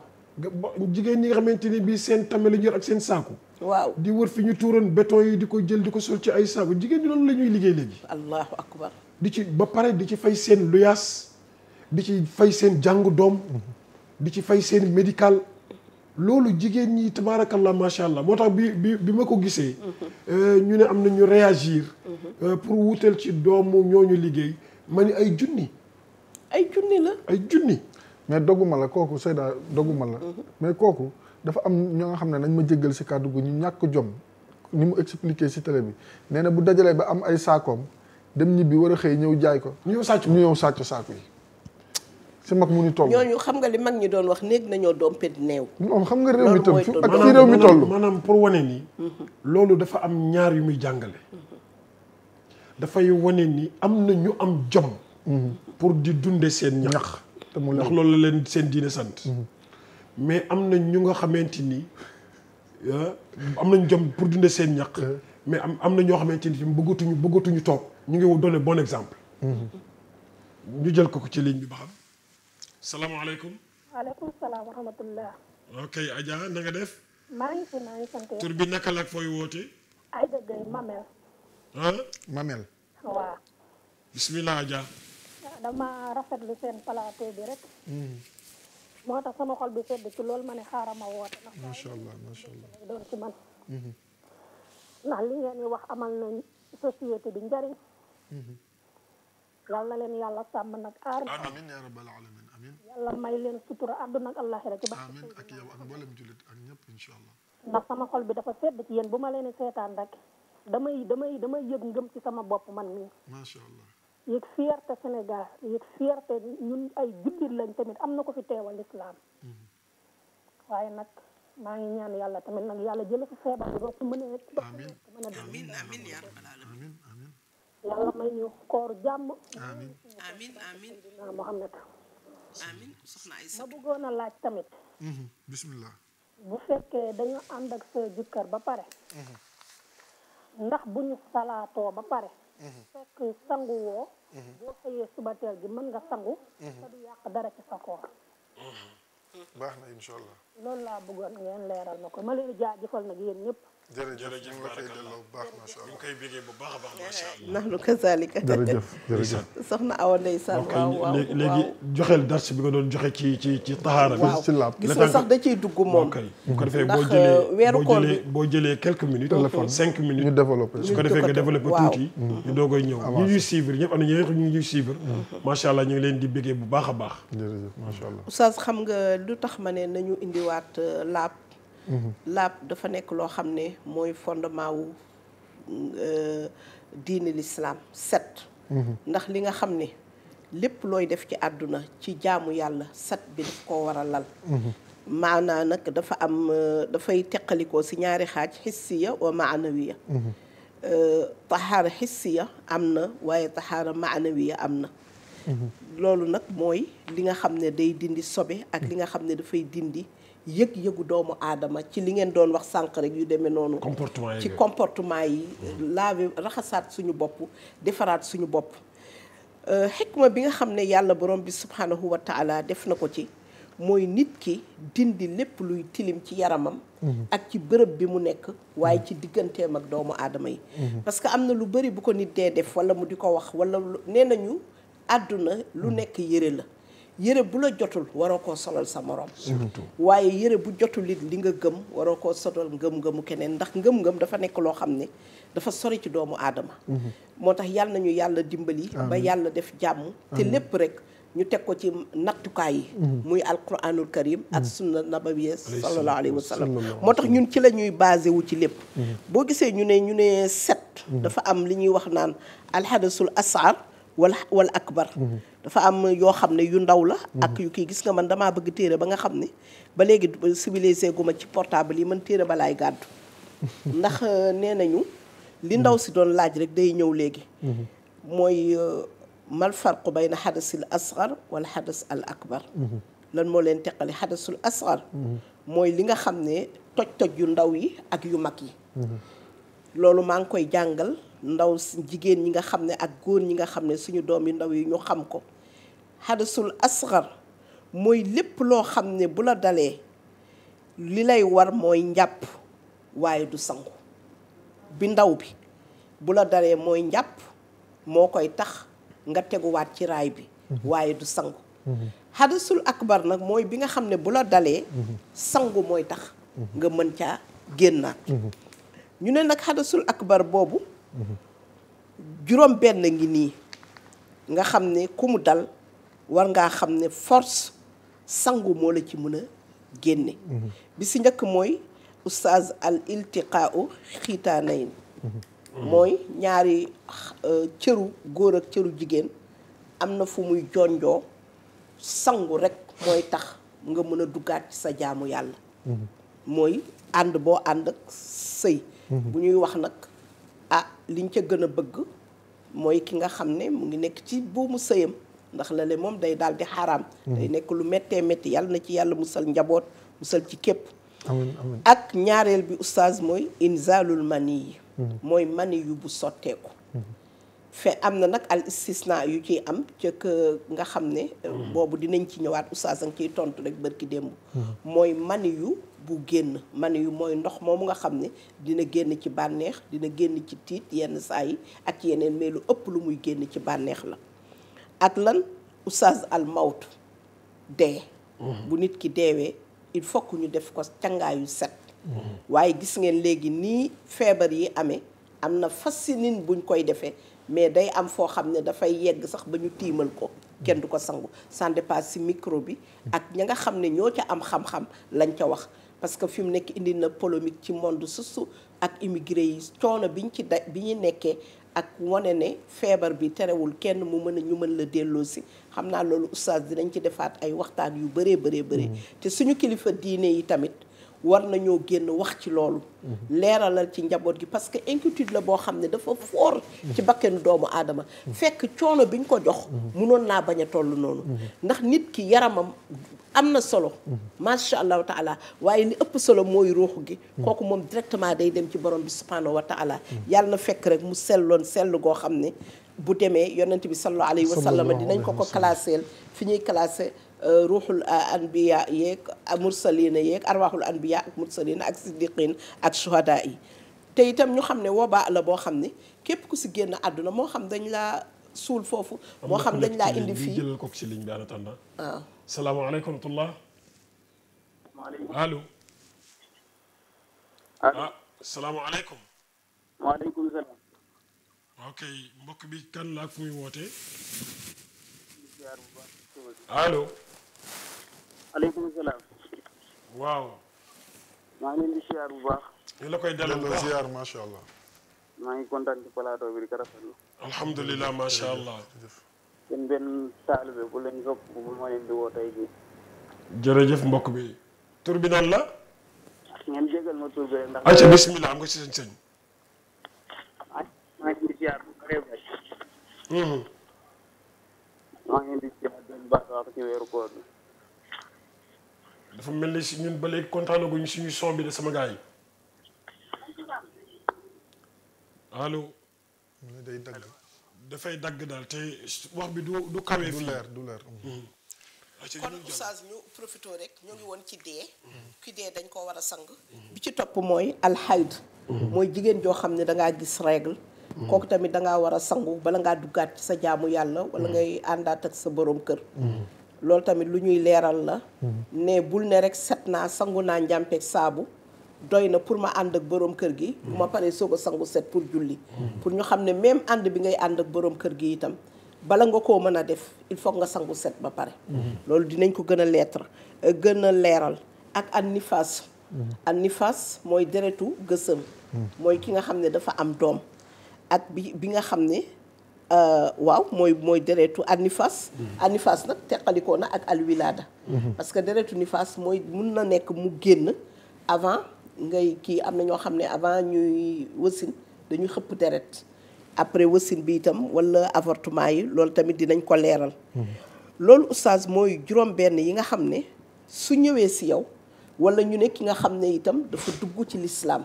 jigéen ñi nga xamante ni bii seen tame la jor ak seen saaku waaw di wër fi ñu tuuroon béton yi di ko jël di ko sol ci ay saaku jigéen ñi loolu la ñuy liggéey léegi allahu akbar di ci ba pare di ci fay seen luyaas di ci fay seen jàngu doom di ci fay seen médical loolu jigéen ñi la macha allah moo tax bi bi bi ma ko gisee euh, ñu ne am na ñu réagir mhm. euh, pour wutal ci doom doomu ñu liggéey ma ni ay junni ay junni la ay junni mais doguma la kooku Seyda doguma la mais kooku dafa am ñoo nga xam ne nañ ma jéggal si kàddu gu ñu ñàkk jom ni mu expliqué si télé bi nee na bu dajalee ba am ay saakoom dem ñibbi war a xëy ñëw jaay ko ñu ñëw sàcc ñu ñëw sàcc saaku yi si mag mu ni toll ñooñu xam nga li mag ñi doon wax néeg nañoo dompe néew moom xam nga réew mi tam fi ak fi réew mi tollu maanaam pour wane nii loolu dafa am ñaar yu muy jàngale dafay wane nii am na ñu am jom mm-hmm. pour di dunde seen ñax ndax loolu la leen seen diine sant mais am nañ ñu nga xamante ni ah, am nañ jom pour dundee seen ñaq eh. mais am am na ñoo xamante ni bëggatuñu bëggatuñu toog ñu ngi donné bon exemple mm-hmm. ñu jël ko ko ci ligne bi ba xam salaamaaleykum waaleykum salaam wa rahmatullah ok Adja na nga tur bi naka la ak fooy woote ay dëgg mamel ah? mamel waaw bismillah Adja dama rafetlu seen plateau bi rek. Hmm. moo tax sama xol bi sedd ci loolu ma ne xaaral ma woote. macha allah macha allah ndax doon ci man. Hmm. ndax li ngeen di wax amal nañ société bi njariñ. Hmm. yal na leen yàlla sàmm nag aar. amiin yaa rabbal alamin amiin. yàlla may leen sutura àdduna ak àllaaxira ci baax. amiin ak yow ak mboolem jullit ak ñëpp incha allah. ndax sama xol bi dafa sedd ci yéen bu ma leen seetaan rek damay damay damay yëg ngëm ci sama bopp man mii. macha allah. yëg fierté Sénégal yëg fierté ñun ay jullit lañ tamit am na ko fi teewal lislaam mm-hmm. waaye nag maa ngi ñaan yàlla tamit nag yàlla jële fi feebar bi ba ku mën a ba ku bëggoon a laaj tamit mm-hmm. bismillah bu fekkee dañu ànd ak sa jëkkër ba pare mm-hmm. ndax bu ñu salaatoo ba pare fekk sangu boo xëyee suba teel gi mën nga sangu. Mhm. te du yàq dara ci sa koor. Mhm. baax na incha allah. loolu laa bëggoon ngeen leeral ma ko ma leen jaajëfal nag yéen ñëpp. jërëjëf ñu ngi a baax macha waaw léegi joxeel dars bi nga doon joxe ci ci ci taxaara bi. ci laab gis nga sax da ciy dugg moom. ko defee boo jëlee euh, weeru boo jëlee quelques minutes. téléphone cinq minutes ñu développé. su ko defee nga développé tuuti. ñu doog a ñëw ñu ñuy suivre ñëpp am na ñeneen ñu ñuy suivre. Mm-hmm. macha allah ñu leen di bégee bu baax a baax. jërëjëf xam nga lu tax ma ne nañu indiwaat euh, laab laab dafa nekk loo xam ne mooy fondement wu euh, diine l'islam set ndax li nga xam ne lépp looy def ci àdduna ci jaamu yàlla set bi daf koo war a lal maanaa nag dafa am euh, dafay teqalikoo si ñaari xaaj xissiya wa maanawiya euh, taxaara xissiya am na waaye taxaara maanawiya am na loolu nag mooy li nga xam ne day dindi sobe ak li nga xam ne dafay dindi yëg-yëgu doomu aadama ci li ngeen doon wax sànq rek yu demee noonu ci comportement yi laawe raxasaat suñu bopp defaraat suñu bopp euh, xikma bi nga xam ne yàlla borom bi subhanahu wa def na ko ci mooy nit ki dindi lépp luy tilim ci yaramam mhm. ak ci bërëb bi mu nekk waaye mhm. ci digganteem ak doomu aadama yi mhm. parce que am na lu bari bu ko nit dee def wala mu di ko wax wala nee nañu àdduna lu nekk yére la yére bu la jotul waroo koo solal sa morom waaye yëre bu jotul it li nga gëm waroo koo solal ngëm-ngëmu keneen ndax ngëm-ngëm dafa nekk loo xam ne dafa sori ci doomu aadama mhm. moo tax yàlla nañu yàlla dimbali ba yàlla def jàmm te lépp rek ñu teg ko ci nattukaay yi mhm. muy alquranul karim ak mhm. sunna nabawiya sallallahu alayhi wa sallam moo tax ñun ci la ñuy basé wu ci lépp boo gisee ñu ne ñu ne set dafa am li ñuy wax naan alhadasul asar wal wal akbar dafa am yoo xam ne yu ndaw la. Mhm. ak yu kiy gis nga man dama bëgg téere ba nga xam ne ba léegi civilisé gu ma ci portable yi man téere ba laay gàddu. ndax euh, nee nañu. li ndaw si doon laaj rek day ñëw léegi. Mhm. mooy euh, mal farqu bayna xadasil asgar wala xadas al akbar. Mhm. lan moo leen teqale xadasul asgar. mooy li nga xam ne toj-toj yu ndaw yi ak yu mag yi. loolu maa ngi koy jàngal. ndaw jigéen ñi nga xam ne ak góor ñi nga xam ne suñu doom yu ndaw yi ñu xam ko hadasul asgar mooy lépp loo xam ne bu la dalee li lay war mooy njàpp waaye du sangu bi ndaw bi bu la dalee mooy njàpp moo koy tax nga teguwaat ci raay bi waaye du sangu hadasul akbar nag mooy bi nga xam ne bu la dalee sangu mooy tax nga mën caa génnaat mhm. ñu ne nag hadasul akbar boobu juróom benn ngi nii nga xam ne ku mu dal war ngaa xam ne force sangu moo la ci mën a génne bi si njëkk mooy oustaz al iltiqaau xiitaanayin mooy ñaari euh, cëru góor ak cëru jigéen am na fu muy jonjoo sangu rekk mooy tax nga mën a duggaat ci sa jaamu yàlla mm-hmm. mooy ànd boo ànd ak sëy mm-hmm. bu ñuy wax nag liñ ca gën a bëgg mooy ki nga xam ne mu ngi nekk ci buumu sëyam ndax la le moom day daal di xaaraam hmm. day nekk lu méttee métti yàlla na ci yàlla musal njaboot musal ci képp ak ñaareel bi oustaz mooy inzalul mani yi hmm. mooy mani yu bu sotteeku fe am na nag al istisna yu ciy am ca nga xam ne hmm. boobu dinañ ci ñëwaat oustaz nga ciy tontu rek bërki démb hmm. mooy mani yu bu génn mani yu mooy ndox moomu nga xam ne dina génn ci bànneex dina génn ci tiit yenn saa yi ak yeneen mais lu ëpp lu muy génn ci bànneex la ak lan oustaz al mawt dee hmm. bu nit ki deewee il faut que ñu def ko cangaayu set waaye gis ngeen léegi nii feebar yi amee am na fasinine buñ koy defee mais day am foo xam ne dafay yegg sax ba ñu tiimal ko kenn du ko sangu ça dépasse si micro bi ak ña nga xam ne ñoo ca am xam-xam lañ ca wax parce que fi mu nekk indi na polémique ci monde susu ak immigré yi coono biñ ci da bi ñu nekkee ak wane ne feebar bi terewul kenn mu mën a ñu mën la delloo si xam naa loolu oustaz dinañ ci defaat ay waxtaan yu bëree bëree bëree mm. te suñu kilifa diine yi tamit war nañoo génn wax ci loolu mhm. leeralal ci njaboot gi parce que inquiétude la boo xam ne dafa foor ci bakkanu doomu aadama mhm. fekk coono bi ñu ko jox mhm. munoon naa bañ a toll noonu ndax nit ki yaramam am na solo macha allahu taala waaye li ëpp solo mooy ruuxu gi kooku moom directement day dem ci borom bi subhanahu wa taala yàlla na fekk rek mu selloon sell goo xam ne bu demee yonent bi sallallahu alayhi wa sallam dinañ ko ko classeel fi ñuy classé Euh, ruuxul euh, anbiya yeeg mursalina yeeg arwaaxul anbiya ak mursalina ak siddiqin ak shuhada yi te itam ñu xam ne woba la boo xam ne képp ku si génn àdduna moo xam dañ laa suul foofu moo xam dañ laa indi fii jëlal ko ci ligne bi en attendant ah. ah, bi kan muy wootee aleykum salaam. waaw. maa ngi leen di bu baax. ñu la koy dalal la ziar macha allah. maa ngi kontaan ci plateau bi di ko rafetlu. alhamdulilah macha allah. seen benn taalibe bu leen topp bu ma leen di woo tey jii. jërëjëf mbokk bi. tur bi nan la. ngeen jégal ma bi rek ndax. ayca bisimilah am nga si sëñ ngi di ziar bu mhm. a baax ci weeru koor bi. dafa mel ni si ñun ba léegi kontaanaguñu suñu son bi de sama gars yi allo. day dagg. dafay dagg daal te wax bi du du kawee fii du mhm. Mhm. kon oustaz ñu profité rek ñu ngi woon ci dee. Mhm. ki dee dañ koo war a sang. bi ci topp mooy alxayd. mooy jigéen joo xam ne da ngaa gis règle. kooku tamit danga ngaa war a sangu bala ngaa duggaat ci sa jaamu yàlla. wala ngay àndaat ak sa boroom kër. loolu tamit lu ñuy leeral la hmm. ne bul ne rek set naa sangu naa njàmpeeg saabu doy na pour ma ànd ak boroom kër gi ma hmm. pare soog a sangu set pour julli hmm. pour ñu xam ne même ànd bi ngay ànd ak boroom kër gi itam bala nga ko mën a def il faut nga sangu set ba pare loolu dinañ ko gën a lettre gën a leeral ak an nifaas an nifaas mooy deretu gësëm mooy ki nga xam ne dafa am doom ak bi bi nga xam ne Euh, waaw mooy mooy deretu anifas mhm. anifas nag teqalikoo na ak alwilaada mhm. parce que deretu nifas mooy mun na nekk mu génn avant ngay kii am na ñoo xam ne avant ñuy wasin dañuy xëpp deret après wasin bi itam wala avortement yi loolu tamit dinañ ko leeral mhm. loolu oustaz mooy juróom benn yi nga xam ne su ñëwee si yow wala ñu ne ki nga xam ne itam dafa dugg ci lislaam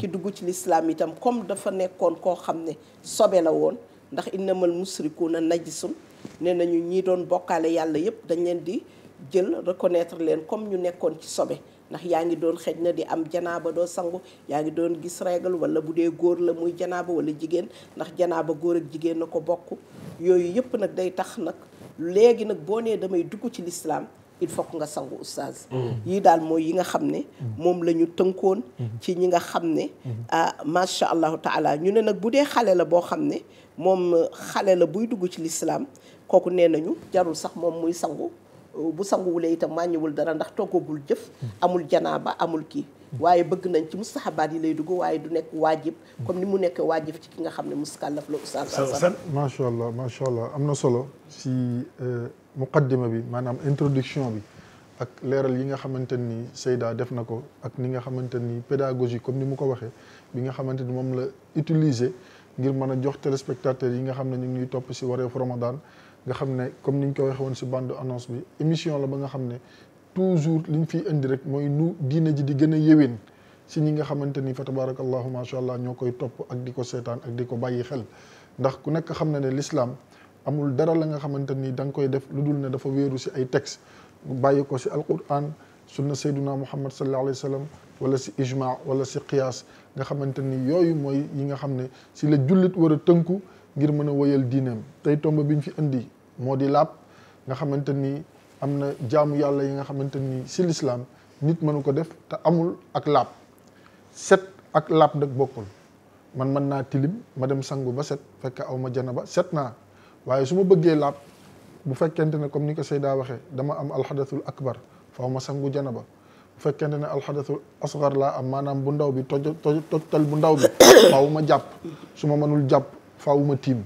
ki dugg ci lislaam itam comme dafa nekkoon koo xam ne sobe la woon ndax innamal na najisun nee nañu ñi doon bokkaale yàlla yépp dañ leen di jël reconnaître leen comme ñu nekkoon ci sobe ndax yaa ngi doon xëj na di am janaaba doo sangu yaa ngi doon gis règle wala bu dee góor la muy janaaba wala jigéen ndax janaaba góor ak jigéen na ko bokk yooyu yëpp nag day tax nag léegi nag boo nee damay dugg ci lislaam il faut nga sangu oustaz mm. yii daal mooy yi nga xam ne mm. moom la ñu tënkoon mm. ci ñi nga xam ne ah macha allahu taala ñu ne nag bu dee xale la boo xam ne moom xale la buy dugg ci lislaam kooku nee nañu jarul sax moom muy sangu bu sanguwulee itam wàññiwul dara ndax toggagul jëf amul janaaba amul kii waaye bëgg nañ ci mustahabaat yi lay dugg waaye du nekk waajib comme ni mu nekk waajib ci ki nga xam ne muskàllaf la oustaz macha allah macha allah am na solo si euh, muqaddima bi maanaam introduction bi ak leeral yi nga xamante ni Seyda def na ko ak ni nga xamante ni pédagogie comme ni mu ko waxee bi nga xamante ni moom la utiliser ngir mën a jox téléspectateurs yi nga xam ne ñu ngi ñuy topp si wareefu Ramadan nga xam ne comme ni ñu ko waxee si bande annonce bi émission la ba nga xam ne toujours li ñu fiy indi rek mooy nu diina ji di gën a yéwén si ñi nga xamante ni fa tabarakallahu macha allah ñoo koy topp ak di ko seetaan ak di ko bàyyi xel ndax ku nekk xam na ne lislaam amul dara la nga xamante ni da nga koy def lu dul ne dafa wéeru si ay texte bàyyi ko si alquran sunna sayduna muhammad sallallahu alayhi wa sallam wala si ijma wala si qiyaas nga xamante ni yooyu mooy yi nga xam ne si la jullit war a tënku ngir mën a woyal diineem tey tomb bi ñu fi indi moo di laab nga xamante ni am na jaamu yàlla yi nga xamante ni si lislaam nit mënu ko def te amul ak laab set ak laab nag bokkul man mën naa tilim ma dem sangu ba set fekk aw ma jana ba set naa waaye su ma bëggee laab bu fekkente ne comme ni ko daa waxee dama am alxadatul akbar faaw ma sangu jana ba bu fekkente ne alxadasu asgar laa am maanaam bu ndaw bi toj tojtal bu ndaw bi faaw ma jàpp su ma mënul jàpp faaw ma tiim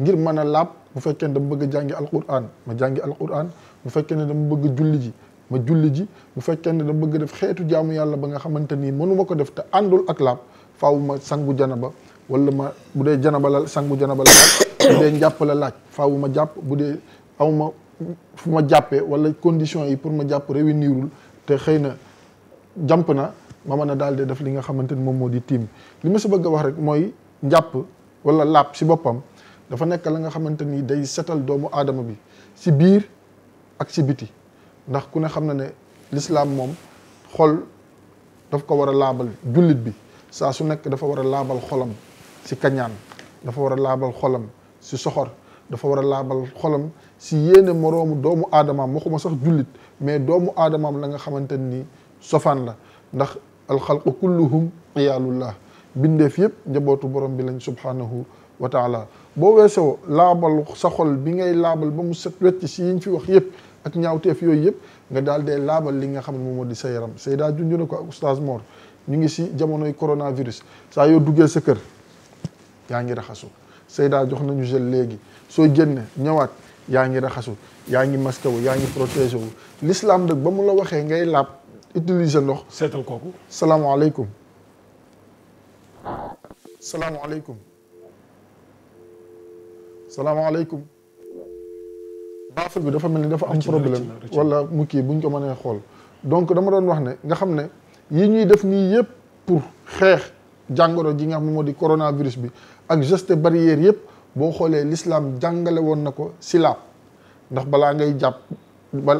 ngir mën a làpp bu fekkee ne dama bëgg a jàngi alquran ma jàngi alquran bu fekkee ne dama bëgg julli ji ma julli ji bu fekkee ne dama bëgg def xeetu jaamu yàlla ba nga xamante nii mënu ko def te àndul ak laab faaw ma jana ba wala ma bu dee janaba la sangu janaba la bu dee njàpp la laaj faaw ma jàpp bu dee aw ma fu ma jàppee wala condition yi pour ma jàpp réunirul te xëy na jàmp na ma mën a daal di def li nga xamante ni moom moo di tiim li ma si bëgg a wax rek mooy njàpp wala laab si boppam dafa nekk la nga xamante nii day setal doomu aadama bi si biir ak si biti ndax ku ne xam na ne lislaam moom xol daf ko war a laabal jullit bi saa su nekk dafa war a laabal xolam si kañaan dafa war a laabal xolam si soxor dafa war a laabal xolam si yéene moroomu doomu aadamaam waxuma sax jullit mais doomu aadamaam la nga xamante ni sofaan la ndax alxalqu kulluhum iyaalullah bindeef yëpp njabootu borom bi lañ subhaanahu wa taala boo weesoo laabal sa xol bi ngay laabal ba mu set wecc si yiñ fi wax yëpp ak ñaawteef yooyu yëpp nga daal dee laabal li nga xam ne moom moo di sa yaram Seyda junju na ko ak ñu ngi si jamonoy coronavirus saa yoo duggee sa kër yaa ngi raxasu Seyda jox nañu gel léegi soo génne ñëwaat yaa ngi raxasu yaa ngi masque wu yaa ngi protégé wu l'islam nag ba mu la waxee ngay laab utiliser ndox. seetal kooku. salaamaaleykum. salaamaaleykum. salaamaaleykum. baaful bi dafa mel ni dafa am problème wala mu kii buñ ko mënee xool donc dama doon wax ne nga xam ne yi ñuy def nii yëpp pour xeex jàngoro ji nga xam moo di coronavirus bi ak geste barrière yëpp boo xoolee l'islam jàngale woon na ko si ndax balaa ngay jàpp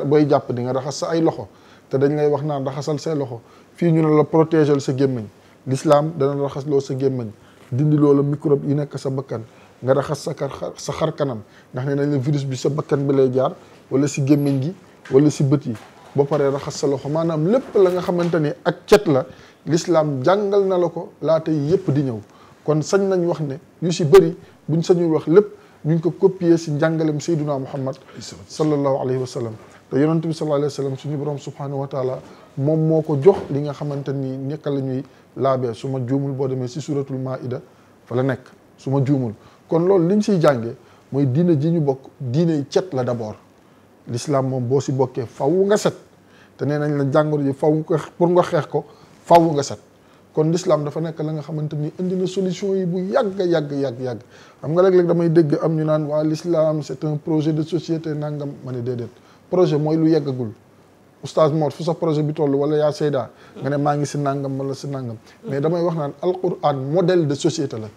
booy jàpp di nga raxas sa ay loxo. te dañ lay wax naan raxasal say loxo fii ñu ne la protégel sa gémmañ lislaam dana raxasloo sa gémmañ dindi loola microbe yi nekk sa bakkan nga raxas sa kar sa xar kanam ndax nee nañ la bi sa bakkan bi lay jaar wala si gémmiñ gi wala si bët yi boo paree raxas sa loxo maanaam lépp la nga xamante ni ak cet la lislaam jàngal na la ko laata yépp di ñëw kon sañ nañ wax ne yu si bëri buñ sañul wax lépp ñu ngi ko copier si njàngalem sayduna muhammad sallallahu alayhi wa sallam te yonent bi sallallahu alayhi wa suñu borom subhanahu wa taala moom moo ko jox li nga xamante ni nekka la ñuy laabee su ma juumul boo demee si suratul ida fa la nekk su ma juumul kon loolu liñ siy jànge mooy diina ji ñu bokk diine cet la d'abord l'islam moom boo si bokkee faw nga set te nee nañ la jàngoro ji faw nga pour nga xeex ko faw nga set kon l'islam dafa nekk la nga xamante ni indi na solution yi bu yàgg yàgg yàgg yàgg xam nga léeg-léeg damay dégg am ñu naan waa l'islam c'est un projet de société nangam ma ne déedéet projet mooy lu yeggagul oustaz Mor fu sa projet bi toll wala yaa Seyda nga ne maa ngi si nàngam wala si nangam mais damay wax naan alquran modèle de société la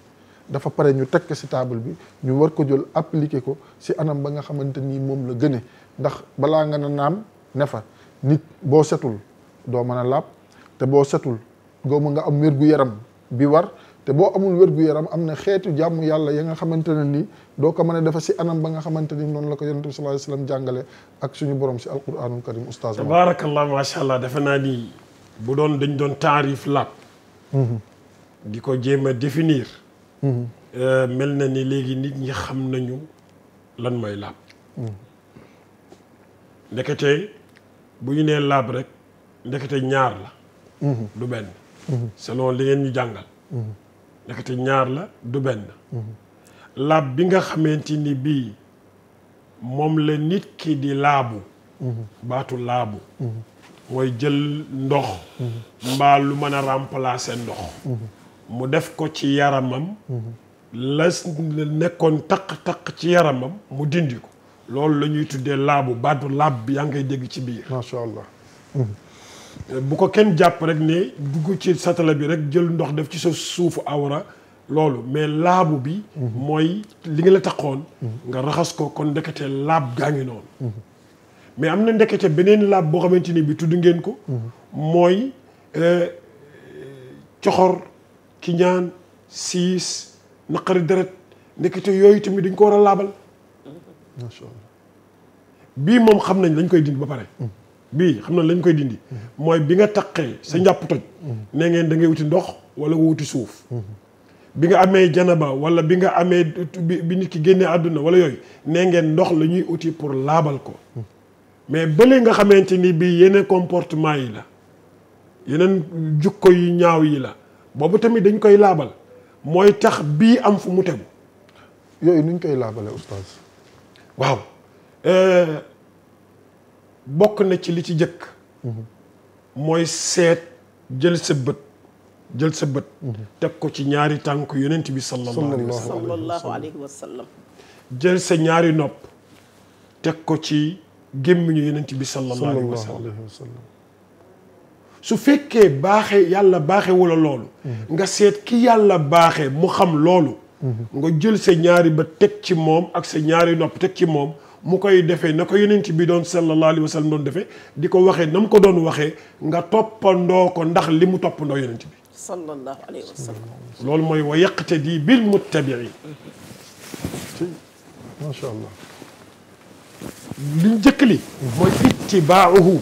dafa pare ñu teg ko si table bi ñu war ko jël appliquer ko si anam ba nga xamante nii moom la gëne ndax balaa nga na naam ne fa nit boo setul doo mën a laab te boo setul gooma nga am wér gu yaram bi war te boo amul wér-gu-yaram am na xeetu jàmm yàlla ya nga xamante ne ni doo ko mën a defa si anam ba nga xamante ni noonu la ko yonent bi sallallahu alayhi wasallam jàngale ak suñu borom si alquranul karim oustaz tabaarakallah macha allah defe naa bu doon dañ doon taarif laab mhm. di ko jéem a définir mhm. euh, mel na ni léegi nit ñi xam nañu lan mooy laab mhm. bu nee laab rek ndekete ñaar la du benn selon li ngeen ñu jàngal nekkati ñaar la du benn laab bi nga xamante ni bii moom la nit ki di laabu baatu laabu mooy jël ndox mbaa lu mën a remplacer ndox mu def ko ci yaramam la nekkoon taq-taq ci yaramam mu dindi ko loolu la ñuy tuddee laabu baatu laab bi yaa ngay dégg ci biir macha bu ko kenn jàpp rek ne dugg ci satala bi rek jël ndox def ci sa suufu awra loolu mais laabu bi mooy li nga la taxoon nga raxas ko kon ndekete laab gaa ngi noonu mais am na ndekete beneen laab boo xamante ni bi tudd ngeen ko mooy euh, coxor ki ñaan siis naqari deret ndekete yooyu tamit dañ ko war a laabal maa bii moom xam nañ dañ koy dindi ba pare bii xam na lañ koy dindi mooy bi nga taqee sa njàpp toj nee ngeen da ngay wuti ndox wala nga wuti suuf bi nga amee janaba wala bi nga amee bi nit ki génnee àdduna wala yooyu nee ngeen ndox la ñuy uti pour laabal ko mais bële nga xamante ni bii yeneen comportement yi la yeneen jukko yu ñaaw yi la boobu tamit dañ koy laabal mooy tax bii am fu mu tegu yooyu nuñ koy laabale oustaz waaw euh, bokk na ci li ci jëkk mhm. mooy seet jël sa bët jël sa bët mhm. teg ko ci ñaari tànk yonent bi sallallahu alayhi wa sallam jël sa ñaari nopp teg ko ci gémmiñu yonent bi sallallahu alayhi wa su fekkee baaxe yàlla baaxewu la loolu mhm. nga seet ki yàlla baaxee mu xam loolu nga jël sa ñaari bët teg ci moom ak sa ñaari nopp teg ci moom mu koy defee na ko yonent bi doon sallallahu alayhi wa sallam doon defee di ko waxee na mu ko doon waxee nga toppandoo ko ndax li mu toppandoo yonent bi. sallallahu alayhi wa loolu mooy wa yaqtadi bil muttabiin. macha allah. li njëkk li. mooy ittibaauhu.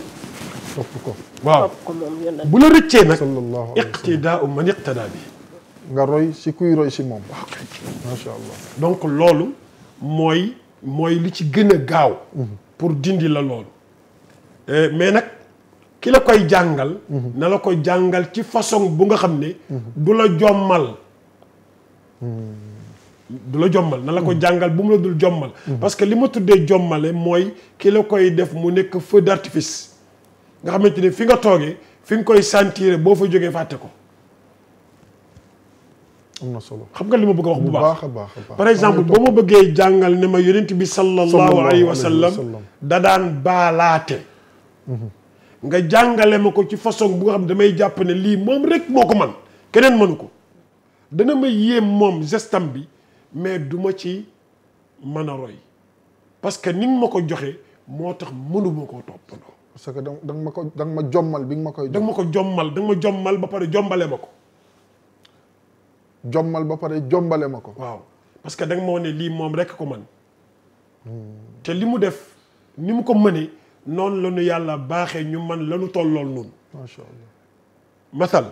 topp ko waaw bu la rëccee nag. sallallahu alayhi wa sallam iqtidaau man iqtada bi. nga roy si kuy roy si moom. waaw loolu mooy. mooy li ci gën a gaaw pour dindi la loolu eh, mais nag ki la koy jàngal na la koy jàngal ci façon bu nga xam ne du la jommal du la jommal na la ko jàngal bu mu la dul jommal parce que li ma tuddee jommale mooy ki la koy def mu nekk feu d'artifice nga xamante ne fi nga toogee fi nga koy sentir boo fa jógee fàtte ko am na solo xam nga li ma bëgg a wax bu baax a baax par exemple boo ma bëggee jàngal ne ma yonent bi sallallahu alayhi wa sallam da daan baalaate mhm. nga jàngale ma ko ci façon bu nga xam damay jàpp ne lii moom rek moo ko man keneen mënu ko dana ma yéem moom gestam bi mais du ma ci mën a roy parce que ni nga ma ko joxe moo tax mënu ma koo toppandoo parce que danga ma ko danga ma jommal bi nga ma koy danga ma ko jommal danga ma jommal ba pare jombale ma ko jombal ba pare jombale ma ko. waaw parce que da nga ma ne lii moom rekk ko man te li mu def ni mu ko mënee noonu la yàlla baaxee ñu man la ñu tollool noonu. macha masal.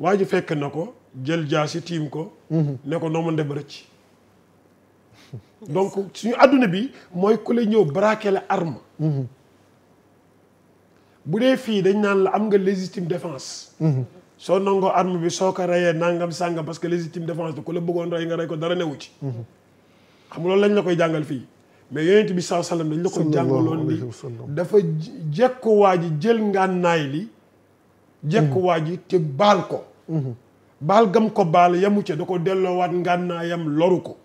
waa ji fekk na ko jël jaasi tiim ko. Mhm. ne ko noo mën def rëcc. donc suñu àdduna bi mooy ku la ñëw braquer la arme. Mhm. bu dee fii dañ naan la am nga légitime défense. Mhm. soo nangoo arme bi soo ko reyee nangam sàngam parce que légitime défense bi ku la bëggoon rey nga rey ko dara newu ci xam nga lañ la koy jàngal fii mais yonent bi saa sallam dañ la ko jàngaloon di dafa jekku waa ji jël ngànnaay li jekku hmm. ji te baal ko hmm. baal gam ko baal yamu ca da ko delloowaat ngànnaayam loru ko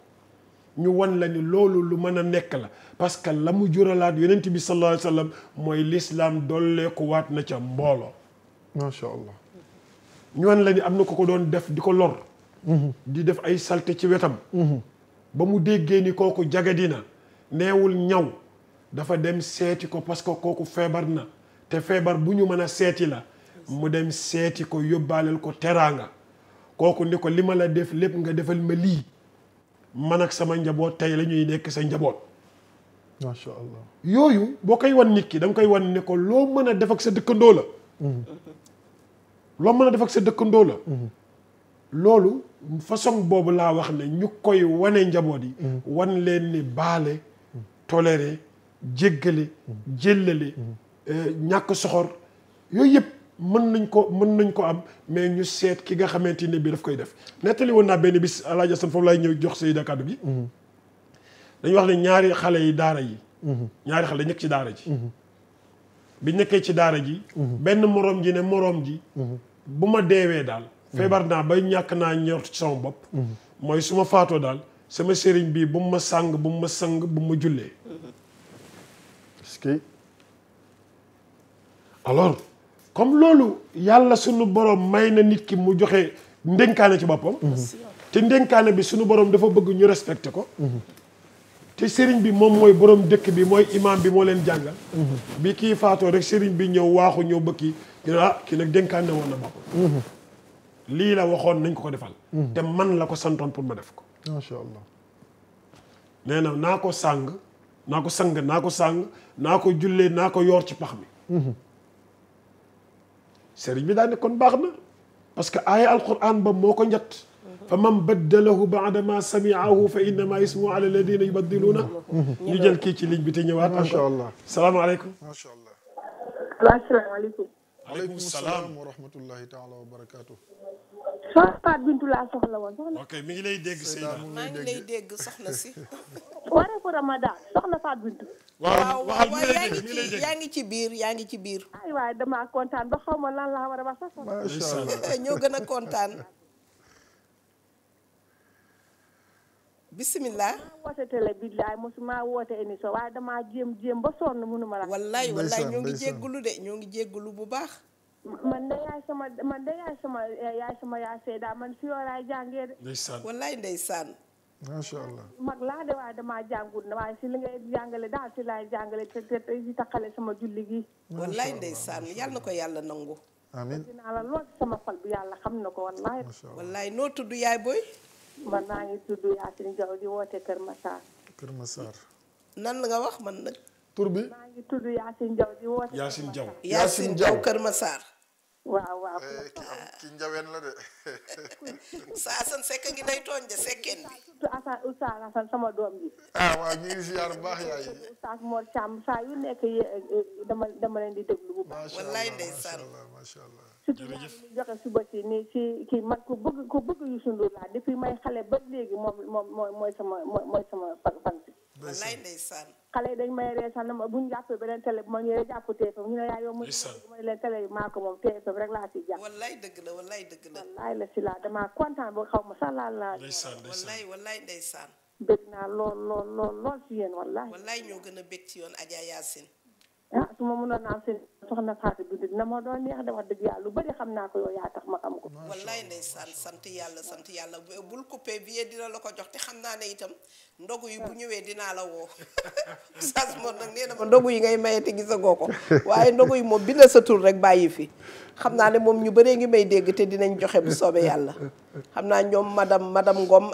ñu wan la loolu lu mën a nekk la parce que la mu juralaat yonent bi sallallahu alayhi wa sallam mooy l'islam dolleeku waat na ca mbooloo macha ñu wan la ni am na ko ko doon def di ko lor. Mhm. di def ay salte ci wetam. Mhm. ba mu déggee ni kooku jagadi na neewul ñaw dafa dem seeti ko parce que kooku feebar na te feebar bu ñu mën a seeti la mu dem seeti ko yóbbaaleel ko teraanga kooku ni ko li ma la def lépp nga defal ma lii man ak sama njaboot tey la ñuy nekk sa njaboot. macha yooyu boo koy wan nit ki da koy wan ne ko loo mën a def ak sa dëkkandoo la. Mhm. loo mën na def ak sa dëkkandoo la. Mhm. loolu façon boobu laa wax ne ñu koy wane njaboot yi. Mhm. wan leen ni baale. Mhm. toléré jéggale. jéllale. Euh, ñàkk soxor yooyu yëpp mën nañ ko mën nañ ko am mais ñu seet ki nga xamante ne bii daf koy def nettali woon naa benn bis El Hadj Assane foofu lay ñëw jox Seyda kàddu bi. dañu wax ne ñaari xale yi daara yi. ñaari xale nekk ci daara ji. bi nekkee ci daara ji. Mhm. benn moroom ji ne moroom ji. Mhm. bu ma deewee daal. Mhm. feebar naa ba ñàkk naa ñor ci sama bopp. mooy su ma faatoo daal sama sëriñ bii bu ma sàng bu ma sang bu ma jullee. parce alors comme loolu yàlla sunu borom may na nit ki mu joxe ndénkaane ci boppam. te ndénkaane bi sunu borom dafa bëgg ñu respecté ko. te sëriñ bi moom mooy boroom dëkk bi mooy imam bi moo leen jàngal. bi kii faatoo rek sëriñ bi ñëw waaxu ñëw bëkki ki ne ah kii nag dénkaan woon na boppam. lii la waxoon nañ ko ko defal. te man la ko santoon pour ma def ko. macha allah nee na naa ko sàng naa ko sang naa ko sàng naa ko jullee naa ko yoor ci pax mi. sëriñ bi daa ne kon baax na parce que aaya alquran ba moo ko njat fa man baddalahu baada ma samiaahu fa innama ismu ala alladina kii ci ligne bi te ñëwaat macha allah salaamaaleykum macha allah asalaamaaleykum aleykum salaam wa rahmatullahi taala wa mi ngi lay dégg Seyda maa ngi lay dégg soxna si Faat Bintu waaw yaa ngi ci biir yaa ngi ci biir ay waay damaa kontaan ba xaw ma lan laa war a wax sax ñoo gën a kontaan bisimilah. maa woote bi billaay mosuma woote émission waaye damaa jéem jéem ba sonn mënuma la. wallaay wallaay ñoo ngi jéggulu de ñoo ngi jéggulu bu baax. man de yaay sama man de yaay sama yaay sama yaay Seyda man si yooraay jàngee de. ndeysaan wallaay ndeysaan. macha allah mag laa de damaa jàngut na waaye si jàngale daal si laay jàngale te te te sama julli gi. wallaay ndeysaan yàlla ko yàlla nangu. amiin la lool sama xol bi yàlla ko wallaay. wallaay noo tudd yaay booy. man maa ngi tudd Yacine Diaw di woote Kër Massar. Kër nan la nga wax man nag. tur bi maa ngi tudd Yacine Diaw di woote. Yacine Diaw Yacine Diaw Kër waaw waaw eh, ki am ki njaween la de. Oustaz Assane Seck ngi day tooñ de sekkeen bi. surtout Assane Oustaz Assane ah, ngi nekk eh, eh, dama dama leen di déglu bu baax. macha allah macha allah wallaay ndeysaan. surtout li joxe suba si nii si kii man ku bëgg ku bëgg Youssou Ndour laa depuis may xale ba léegi moom moom mooy sama mooy sama fan si. wallaay ndeysaan. xale yi dañ may reesaan ma bu ñu jàppee beneen bu ma ñëwee jàpp TFM ñu ne yaa yow mu ma leen télé maa ko moom TFM rek laa si jàpp. wallaay dëgg la wallaay dëgg la. wallaay la si laa damaa kontaan ba xaw ma sax laa laa. ndeysaan wallaay wallaay ndeysaan. dëgg naa lool lool lool ci si yéen wallaay. wallaay ñoo gën a bëgg ci yoon Adja Yacine ah su ma mënoon am seen soxna Fatou Bintou dina ma doon neex de wax dëgg yàlla lu bëri xam naa ko yow yaa tax ma xam ko. wallaay ndeysaan sant yàlla sant yàlla bul coupé billet dina la ko jox xam naa ne itam ndogu yi bu ah. ñëwee dinaa la woo Sass moom nag nee na ma ndogu yi ngay maye te gisagoo ko waaye ndogu yi moom bi sa tur rek bàyyi fi xam naa ne moom ñu bëree ngi may dégg te dinañ joxe bu soobee yàlla xam naa ñoom madame madame Ngom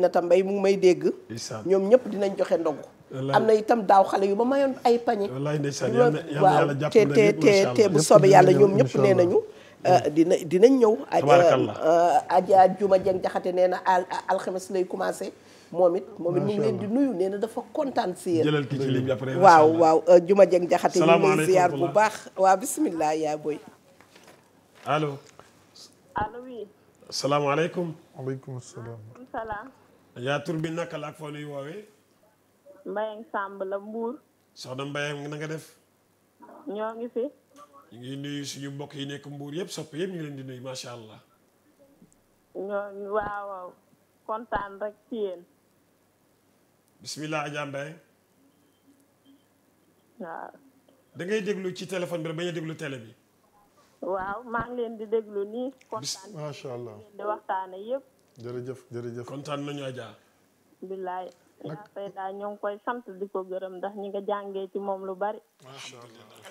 na tam mbay mu may dégg. ñoom ñëpp dinañ joxe ndogu. am na itam daaw xale yu ma mayoon ay pañe waaw te te te te bu soobee yàlla ñoom ñëpp nee nañu euh, mm. dina dinañ ñëw aja euh, euh, juma jeng jaxate nee na alxames lay commencé moom it moom it mu leen di nuyu nee na dafa kontaan si yéen jëlal ki ci ligne après waaw waaw juma jeng jaxate ñu ngi ziar bu baax waa bismillah yaa boy Mbayang Samb la Mbour. soxna Mbayang na def. ñoo ngi fi. ñu ngi suñu mbokk yi nekk Mbour yëpp sopp yëpp ñu leen di nuyu macha allah. ñoo waaw waaw kontaan rek ci yéen. bisimilah Adja waaw. da déglu ci téléphone bi rek bañ a déglu télé bi. waaw maa leen di déglu nii. kontaan macha allah di waxtaane yëpp. jërëjëf jërëjëf kontaan nañu Adja. bilaay. yaa ñoo koy sant di ko gërëm ndax ñi nga jàngee ci moom lu bari.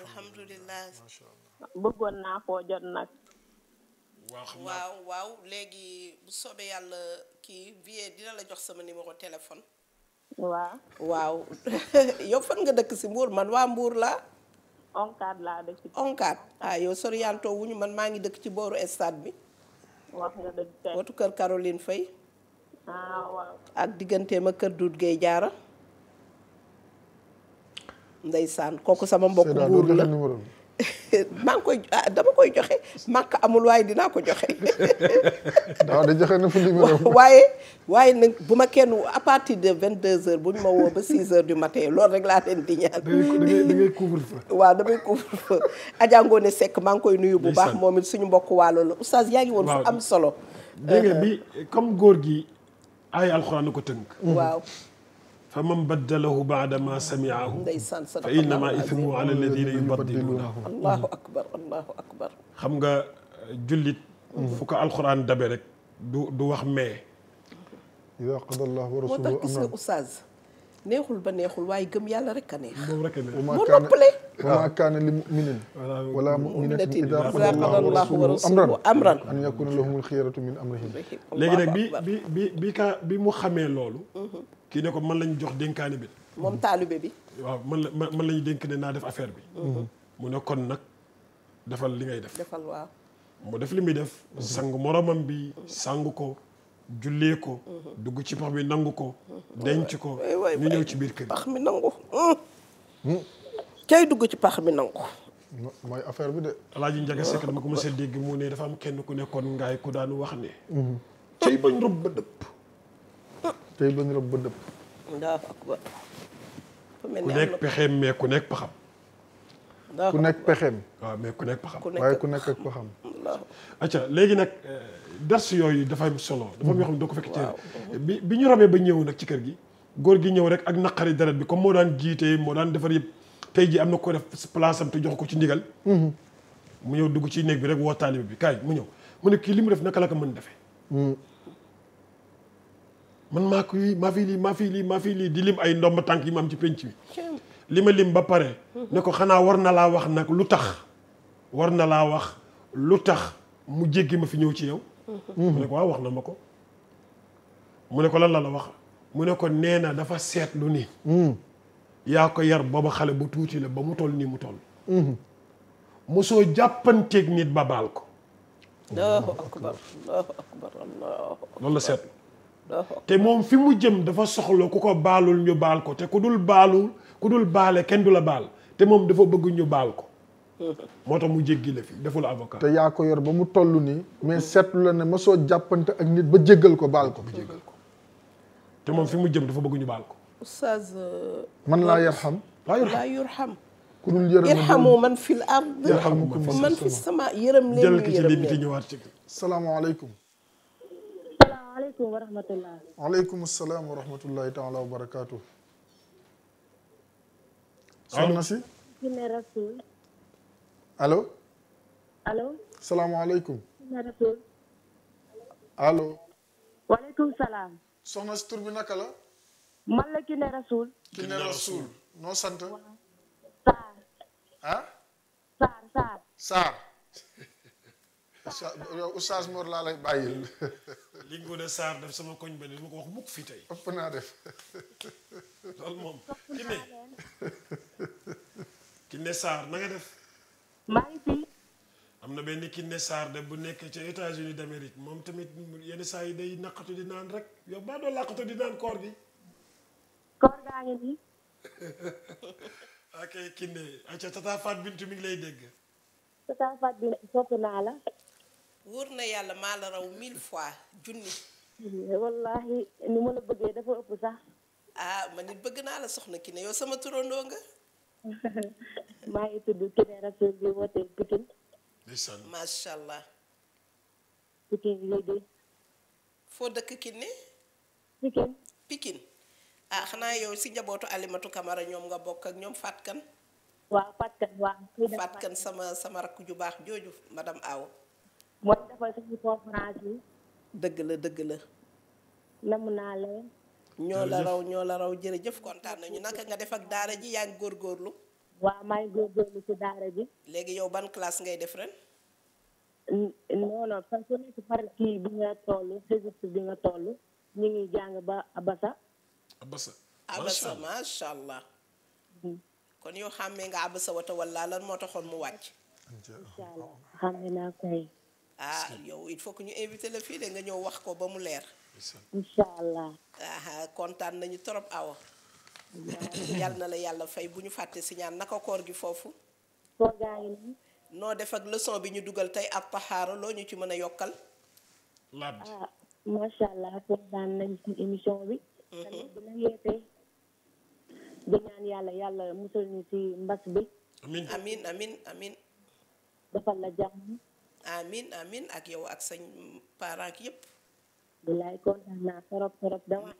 alhamdulilah bëggoon naa koo jot nag. waaw waaw léegi bu soobee yàlla kii vie dina la jox sama numéro téléphone. waaw waaw yow fan nga dëkk si mbuur man waa mbuur la onkaat laa dëkk ci. onkaat ah yow soriyantoo wuñu man maa ngi dëkk ci booru stade bi. wax nga dëgg watu kër Caroline Faye. ak digganteem ak kër Doudou Gueye Diarra saan kooku sama mbokk buur la maa ngi koy ah, dama koy joxe màkk amul waaye dinaa ko joxe. waaw da joxe na fu numéro waaye waaye nag bu ma kenn à partir vingt 22h bu ñu ma woo ba 6h du matin loolu rek laa leen di ñaan. da ngay couvre feu. waaw damay couvre feu. Adja Ngone maa ngi koy nuyu bu baax moom it suñu mbokk waalo la oustaz yaa ngi woon fu am solo. dégg euh, bi comme góor ay alxuraan ko tënk. waaw. fa man baddalahu baada ma samiaahu fa innama ithmuhu ala alladina yubaddiluunahu allahu akbar allahu akbar xam nga eh, jullit mm-hmm. fu ko alxuraan dabe rek du du wax mais. moo tax gis nga oustaz. neexul ba neexul waaye gëm yàlla rek a neex. moom rek a neex mu noppalee. wa maa kaana li mu'minin wala mu'minatin idaa qadaa Allaahu wa rasuluhu amran an yakuuna lahumul xiyaratu min amrihim léegi nag bi bi bi bi ka bi mu xamee loolu. kii ne ko man lañ jox dénkaani bi. moom taalibe bi. waaw man la man lañu dénk ne naa def affaire bi. mu ne kon nag defal li ngay def. defal waaw. mu def li muy def. sang moromam bi sang ko. jullee ko. dugg ci pax bi nangu ko. denc ko ñu ñëw ci biir kër pax mi nangu. cay hmm? dugg ci pax mi nangu. mooy affaire bi de. Alaaji Njaga Sekk dama ko mos a dégg mu ne dafa am kenn ku nekkoon ngaay ku daan wax ne. Hmm. cay bañ rëbb ba dëpp. ku nekk pexeem mais ku nekk paxam. ku nekk pexeem. waaw mais ku nekk paxam. waaye ku nekk ak paxam. waaw. acca léegi nag euh, dars yooyu dafa am solo. dafa am yoo xam ne doo ko fekk ci bi bi ñu ramee ba ñëw nag ci kër gi. góor gi ñëw rek ak naqari deret bi comme moo daan jiite moo daan defar yëpp tey jii am na ko def place am te jox ko ci ndigal. Mhm. mu ñëw dugg ci néeg bi rek woo taalibe bi kaay mu ñëw mu ne kii li mu def naka la ko mën defee. Mhm. man maa koy maa fii lii maa fii lii maa fii lii di lim ay ndomb tànk yi ma am ci penc bi. li ma lim ba pare. ne ko xanaa war na laa wax nag lu tax war na laa wax. lu tax mu jéggi ma fi ñëw ci yow. Mhm. mu ne ko waaw wax na ma ko. mu ne ko lan la la wax mu ne ko nee na dafa seetlu ni. Mhm. yaa ko yar booba xale bu tuuti la ba mu toll nii mu toll. Mhm. mosoo jàppanteeg nit ba baal ko. allahu akbar seetlu. te moom fi mu jëm dafa soxla ku ko baalul ñu baal ko te ku dul baalul ku dul baale kenn du la baal te moom dafa bëgg ñu baal ko. moo tax mu jéggi la fi deful avocat. te yaa ko yor ba mu toll nii. mais seetlu la ne ma soo jàppante ak nit ba jéggal ko baal ko. ba jéggal ko te moom fi mu jëm dafa bëgg ñu baal ko. oustaz. Euh, man laa yarham. laa yarham laa yarham. ku dul yërëm irhamu man fil ard. yarhamukum man fis sama yërëm leen ñu yërëm leen jël ki ci limite ñëwaat ci. salaamaaleykum. salaamaaleykum wa rahmatulah. waaleykum salaam wa rahmatulahi taala wa barakaatu. soxna si. Kine Rasoul. allo. allo. salaamaaleykum. allo. waaleykum salaam. soxna si tur bi naka la. man la Kiné Rasoul. Kiné Rasoul noo sant. Saar. ah. Saar Saar. Saar. yow Oustaz Mor laa lay bàyyil. li nga ne Saar def sama koñ ba ni ma ko wax mukk fii tey. ëpp naa def. loolu moom Kiné. Saar na def. maa ngi am na benn Kiné Sarr de bu nekk ca États-Unis d'Amérique moom tamit yenn saa yi day naqatu di naan rek yow baa doo làqatu di naan koor gi. koor gaa ngi nii. ok Kiné ayca Tata Fat Bintu mi ngi lay dégg. Tata Fat Bintu naa la. wóor na yàlla maa la raw mille fois junni. Eh, wallahi ni ma la bëggee dafa ëpp sax. ah man it bëgg naa la soxna Kiné yow sama turandoo nga. maa ngi tudd Kine Rasul bi wootee Pikine. ndeysaan macha allah. Pikine léegi. foo dëkk Kine. Pikine pikin ah xanaa yow si njabootu Alimatu Camara ñoom nga bokk ak ñoom Fatou Kane. waaw Fatou Kane waaw. Fatou Kane sama sama rakk ju baax jooju madame Aw. mooy defal suñu conférence yi. dëgg la dëgg la. namu naa leen. ñoo la raw ñoo la raw jërëjëf kontaan nañu naka nga def ak daara ji yaa ngi góorgóorlu. waaw maa ngi góorgóorlu ci daara ji. léegi yow ban classe ngay def ren. non non parce que nekk par kii bi nga toll registre bi nga toll ñu ngi jàng ba Abassa. Abassa Abassa macha allah. Mm. kon yow xàmmee nga Abassa wata wala lan moo taxoon mu wàcc. incha allah xàmmee naa koy. ah yow il faut que ñu invité la fii de nga ñëw wax ko ba mu leer. incha allah. kontaan nañu trop awa. yal na la yàlla fay bu ñu fàtte si ñaan naka koor gi foofu. koor noo def ak leçon bi ñu dugal tey ab taxaara loo ñu ci mën a yokkal. laaj ah macha allah kontaan nañu si émission bi. Mhm. tamit yeete. di ñaan yàlla yàlla musal ñu si mbas bi. amin amin ak yow ak sa parents yépp bilaay kontaan naa trop trop dama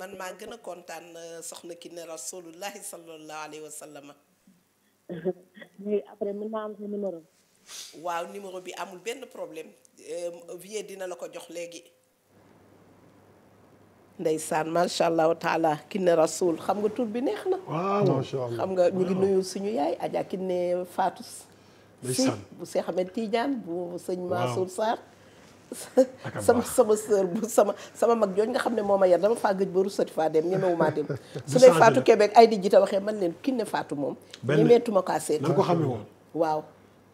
man maa gën a kontaan euh, soxna ki ne rasulullahi sallallahu alayhi wa sallam. léegi après mën naa am sa numéro. bi amul benn problème vie dina la ko jox léegi. ndeysaan macha allahu taala Kiné Rasoul xam nga tur bi neex na. waaw xam nga ñu ngi nuyu suñu yaay Adja Kiné Fatou. ndeysaan si bu Cheikh Ahmed bu sëñ Mansour Sarr. sama sama sœur bu sama sama mag jooju nga xam ne moo ma yar dama faa gëj ba rusati faa dem ñemewumaa dem su dee Fatou Kébé ay di jita waxee man leen kinne Fatou moom ñemeetuma kaa seet ko xamee woon waaw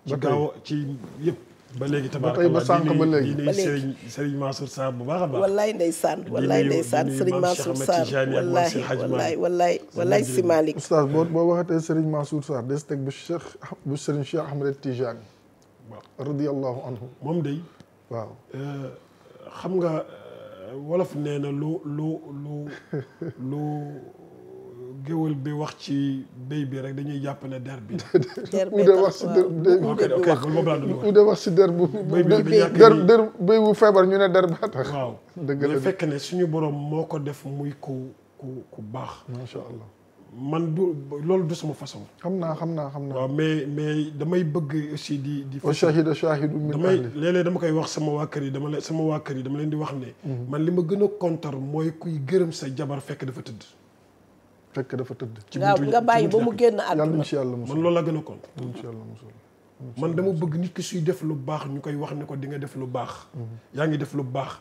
ci gaaw ci yëpp ba léegi tabaarkalla ba sànq ba léegi ba léegi Serigne Mansour Sarr bu baax a baax. wallaay ndeysaan wallaay ndeysaan Serigne Mansour Sarr wallaahi wallaahi wallaahi wallaahi si Malick. oustaz boo boo waxatee Serigne Mansour Sarr des teg bu Cheikh bu Serigne Cheikh Ahmed Tijani. waaw radiyallahu anhu waaw euh, xam nga euh, wolof nee na lu lu lu lu géwël bi wax ci béy bi rek dañuy jàpp ne der bi. der bi wax si der bu de wax si der bu. béy bi der béy bu feebar ñu ne der ba tax. waaw dëgg la fekk ne suñu borom moo ko def muy ku ku ku baax. macha man du loolu du sama façon. xam naa xam naa xam naa. waaw mais mais damay bëgg aussi di di. wa shahida shahidu min damay léeg-léeg dama koy wax sama waa kër yi dama leen sama waa kër yi dama leen di wax ne. Mhm. man li ma gën a contre mooy kuy gërëm sa jabar fekk dafa tëdd. fekk dafa tëdd. ci buntu nga bàyyi ba mu génn àdduna yàlla incha allah man loolu la gën a kont. incha allah man dama bëgg nit ki suy def lu baax ñu koy wax ne ko dinga def lu baax. Mhm. yaa ngi def lu baax.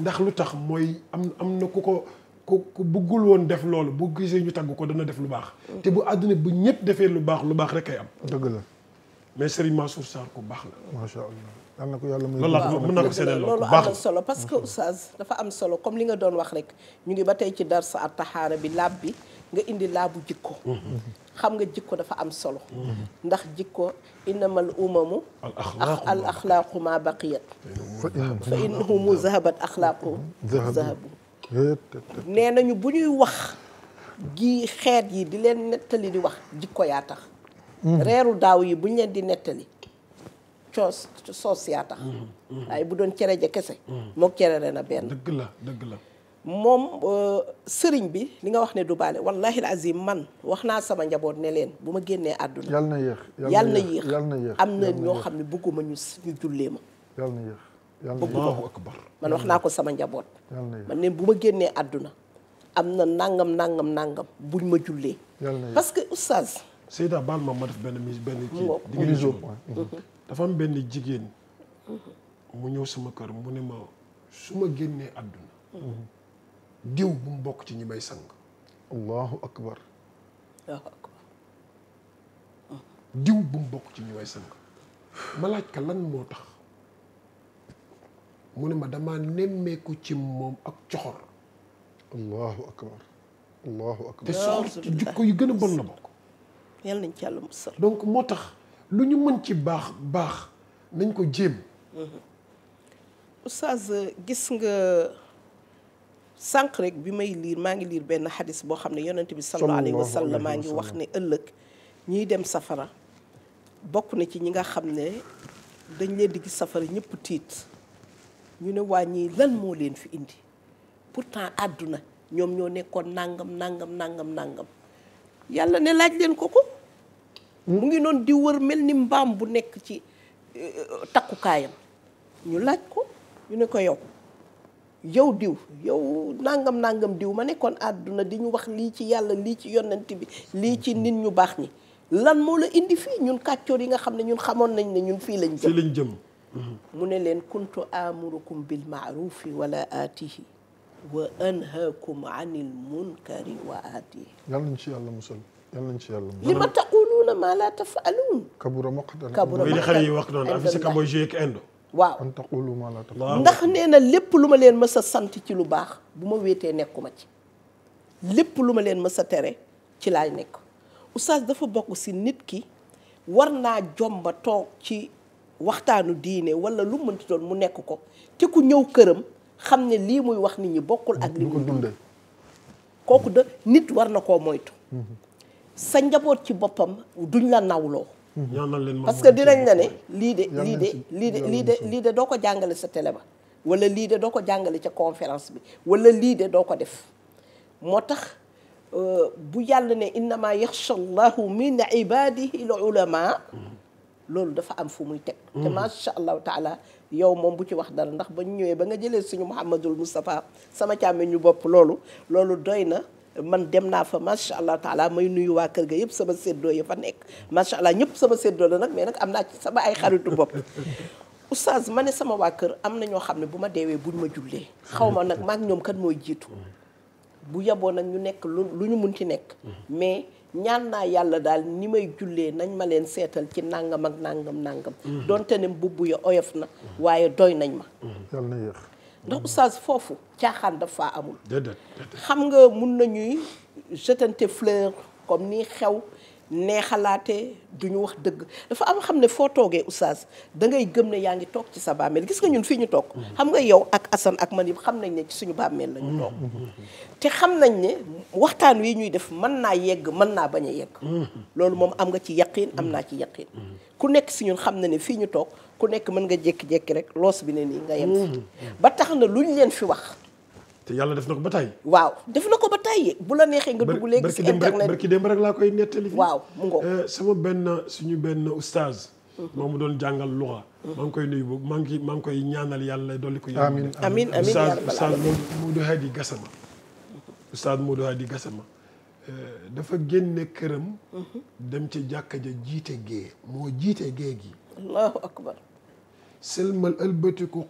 ndax lu tax mooy am am na ku ko. ku ku buggul woon def loolu bu gisee ñu tagg ko dana def lu baax. te bu àdduna bu ñëpp defee lu baax lu baax rek kay am. dëgg la mais Serigne Mansour Sarr ku baax la. macha allah. daan na ko yàlla muy mën na ko seedeel loolu am solo parce que oustaz dafa am solo comme li nga doon wax rek ñu ngi ba tey ci darsa sa taxaara bi laab bi nga indi laabu jikko xam nga jikko dafa am solo ndax jikko innamal umamu al axlaaqu ma baqiyat fa innahu zahabat axlaaqu zahabu nee nañu bu ñuy wax gi xeet yi di leen nettali di wax jikko yaa tax mm-hmm. reeru daaw yi bu ñu leen di nettali coos soos yaa tax mm-hmm. waaye bu doon cere ja kese mm-hmm. mook cere ren a benn dëgg la dëgg la moom euh, sëriñ bi ni nga wax ne du baale wallahi azim man wax naa sama njaboot ne leen bu ma génnee àdduna yal na yéex yal na yéex am na ñoo xam ne bëgguma ñu jullee ma yal na bëgg akbar man wax naa ko sama njaboot man ne bu ma génnee àdduna am na nangam nangam nangam buñ ma jullee parce que oustaz Seyda baal ma ma def benn mis benn kii diggéen jour dafa am benn jigéen mu ñëw sama kër mu ne ma su ma génnee àdduna diw bu mu bokk ci ñu may sang bokk ci ñi may sang ma laaj ka lan moo tax mu ne ma dama nemmeeku ci moom ak coxor allahu akbar allahu akbar te yu gën a bon la bokk yàlla nañ ci yàlla musal donc moo tax lu ñu mën ci baax baax nañ ko jéem mm-hmm. oustaz gis nga sànq rek bi may liir maa ngi liir benn xadis boo xam ne yonent bi sallallahu alayhi wa sallam maa ngi wax ne ëllëg ñiy dem safara bokk na ci ñi nga xam ne dañ leen di gis safara ñëpp tiit ñu ne waa ñii lan moo leen fi indi pourtant àdduna ñoom ñoo nekkoon nangam nangam nangam nangam yàlla ne laaj leen ko ko mu ngi noon di wër mel ni mbaam bu nekk ci euh, takkukaayam ñu laaj ko ñu ne ko yow yow diw yow nangam nangam diw ma nekkoon àdduna di ñu wax lii ci yàlla lii ci yonent bi lii ci nit ñu baax ñi lan moo la indi fii ñun kàccoor yi nga xam ne ñun xamoon nañ ne ñun fii lañ jëm. mu ne leen kuntu amurukum bil maarufi wala aatihi wa anhaakum anil munkari wa aatihi yàlla nañ ci wa musal yàlla nañ ci yàlla musal li ma taquluuna maa laa tafaaluun kabura maqtan kabura waaw ndax nee na lépp lu ma leen mës a sant ci lu baax bu ma wéetee nekkuma ci lépp lu ma leen mës a tere ci laay nekk oustaz dafa bokk si nit ki war naa jomba toog ci waxtaanu diine wala lu mënti doon mu nekk ko te ku ñëw këram xam ne lii muy wax nit ñi bokkul ak li muy dundal kooku de nit war na koo moytu mm-hmm. sa njaboot ci boppam duñ la nawloo mm-hmm. parce que dinañ la ne lii de lii de lii de lii de lii de doo ko jàngale sa télé ba wala lii de doo ko jàngale ca conférence bi wala lii de doo ko def moo tax euh, bu yàlla ne innama yaxsha allahu min ibadihi al ulama mm-hmm. loolu dafa am fu muy teg te mhm. macha allahu taala yow moom bu ci wax dara ndax ba ñu ñëwee ba nga jëlee suñu Mouhamadul Moustapha sama càmme ñu bopp loolu loolu doy na man dem naa fa macha allah taala may nuyu waa kër ga yëpp sama séddoo ya fa nekk macha allah ñëpp sama séddoo la nag mais nag am naa sama ay xaritu bopp oustaz ma ne sama waa kër am na ñoo xam ne bu ma deewee buñ ma jullee xaw ma nag maak ñoom kan mooy jiitu mhm. bu yaboo nag ñu nekk lu ñu mun ci nekk mhm. mais ñaan naa yàlla daal ni may jullee nañ ma leen seetal ci nàngam ak nàngam nangam. Mhm. donte ne mbubb ya oyof na waaye doy nañ ma. ndox mhm. na foofu caaxaan dafa amul. xam nga mun nañuy jetante fleur comme ni xew. neexalaatee du ñu wax dëgg dafa am xam ne foo toogee oustaz dangay ngay gëm ne yaa ngi toog ci sa bàmmeel gis nga ñun fii ñu toog. xam nga yow ak Assane ak man yëpp xam nañ ne ci suñu bàmmeel la ñu toog. te xam nañ ne waxtaan wi ñuy def mën naa yegg mën naa bañ a yegg. loolu moom am nga ci yaqin am naa ci yaqin. ku nekk si ñun xam na ne fii ñu toog ku nekk mën nga jékki-jékki rek loos bi ne nii nga yem. ba tax na luñ leen fi wax. te yàlla def na ko ba tey. waaw def na ko ba bu la neexee nga dugg léegi. si internet barki démb rek laa koy nettali. waaw mu ngoog euh, sama benn suñu benn oustaz. moom mu doon jàngal luxa. maa ngi koy nuyu maa ngi maa koy ñaanal yàlla dolli ko. amiin amiin amiin oustaz oustaz Modou euh, dafa génne këram. dem ci jàkka ja jiite gée moo jiite gée gi. allahu akbar. selmal ëlbatiku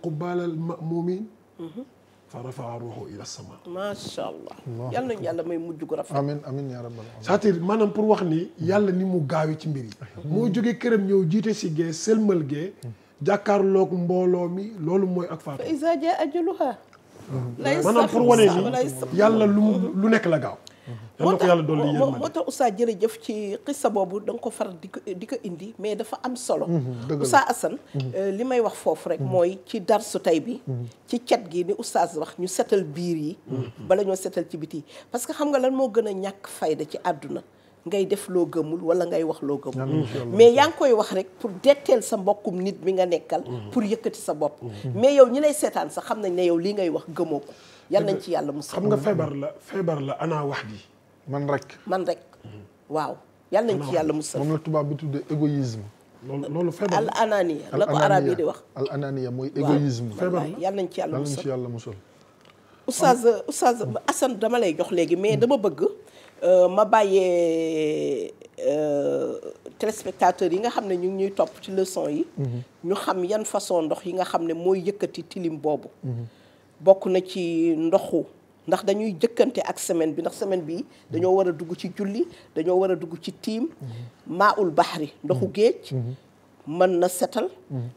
fa rafaa sama. macha allah yal yàlla may mujj gu rafet. amiin amiin yaa rabbal aalamiin. pour wax ni. yàlla ni mu gaaw yi ci mbir yi. moo jógee këram ñëw jiite si gee sëlmal gee. jàkkaarloog mbooloo mi loolu mooy ak faatu. fa izaa jaa ajaluhaa. lay sax maanaam pour wane ni yàlla lu lu nekk la gaaw. moo tax moo tax Oustaz jërëjëf ci xissa boobu da ko far di ko di ko indi mais dafa am solo mhm, Oustaz Assane mhm. euh, li may wax foofu rek mhm. mooy ci dar su tey bi ci cet gi ni Oustaz wax ñu setal biir yi bala ñoo setal ci biti parce que xam nga lan moo gën a ñàkk fayda ci àdduna ngay def loo gëmul wala ngay wax loo gëmul mais yaa ngi koy wax rek pour detteel sa mbokkum nit mi nga nekkal mhm. pour yëkkati sa bopp mhm. Mhm. mais yow ñi lay seetaan sax xam nañ ne yow lii ngay wax gëmoo ko yal nañ ci yàlla mu xam nga feebar la feebar la ana wax ji man rek man rek waaw yal nañ ci yàlla mu moom la tubaab bi tuddee égoïsme loolu loolu feebar al ananiya la ko arab yi di wax al ananiya mooy égoïsme feebar yal nañ ci yàlla musal yàlla musal oustaz oustaz Assane dama lay jox léegi mais dama bëgg Euh, ma bàyyee euh, téléspectateurs yi nga xam ne ñu ngi ñuy topp ci leçon yi mhm. ñu xam yan façon ndox yi nga xam ne mooy yëkkati tilim boobu mhm. bokk na ci ndoxu ndax dañuy jëkkante ak semaine bi ndax semaine bi mhm. dañoo war a dugg ci julli dañoo war a dugg ci tiim maa ul baxri ndoxu géej mën na setal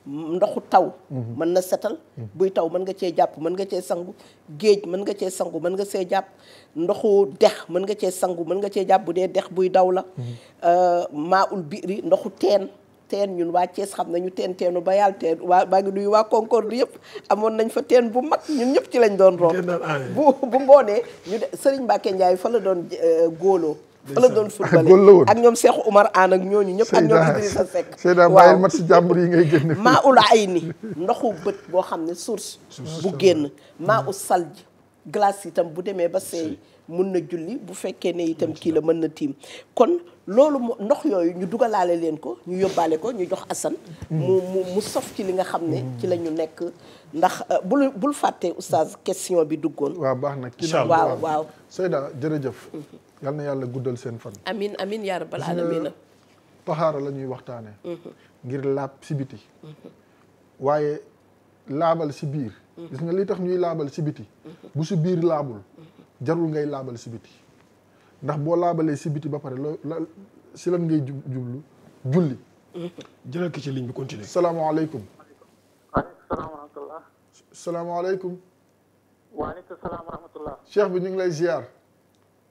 ndoxu taw mën na setal buy taw mën nga cee jàpp mën nga cee sangu géej mën nga cee sangu mën nga cee jàpp ndoxu dex mën nga cee sangu mën nga cee jàpp bu dee dex buy daw la euh, maaul biiri ndoxu teen teen ñun waa Thiès xam nañu teen teenu ba yàlla teen waa baa ngi nuyu waa Concorde yëpp amoon nañ fa teen bu mag ñun ñëpp ci lañ doon roon bu bu ngoonee ñu de Serigne Mbacke Ndiaye fa la doon euh, góoloo fa la doon football ak ñoom Cheikh Oumar Anne ak ñooñu ñëpp ak ñoom Idrissa Seck Seyda bàyyil mat si jàmbur yi ngay génne maa ul ay ni ndoxu bët boo xam ne source bu génn maa mm. u salj glace itam bu demee ba seey mun na julli bu fekkee ne itam kii la mën na tiim kon loolu ndox yooyu ñu dugalaale leen ko ñu yóbbaale ko ñu jox Assane mm. mu mu sof ci li nga xam ne ci la ñu nekk ndax euh, bul bul fàtte oustaz question bi duggoon waaw baax na waaw waaw Seyda jërëjëf mm-hmm. yal na yàlla guddal seen fan. amin amin yaa rabbal aalamiina. taxaara la ñuy waxtaanee. Mhm. ngir laab si biti. Mhm. waaye laabal si biir. Mhm. gis nga li tax ñuy laabal si biti. bu si biir laabul. jarul ngay laabal si biti. ndax boo laabalee si biti ba pare loo la si lan ngay jublu julli. jëlal ki ci ligne bi continuer. salaamaaleykum. salaamaaleykum. waaleykum salaam wa bi ñu ngi lay ziar.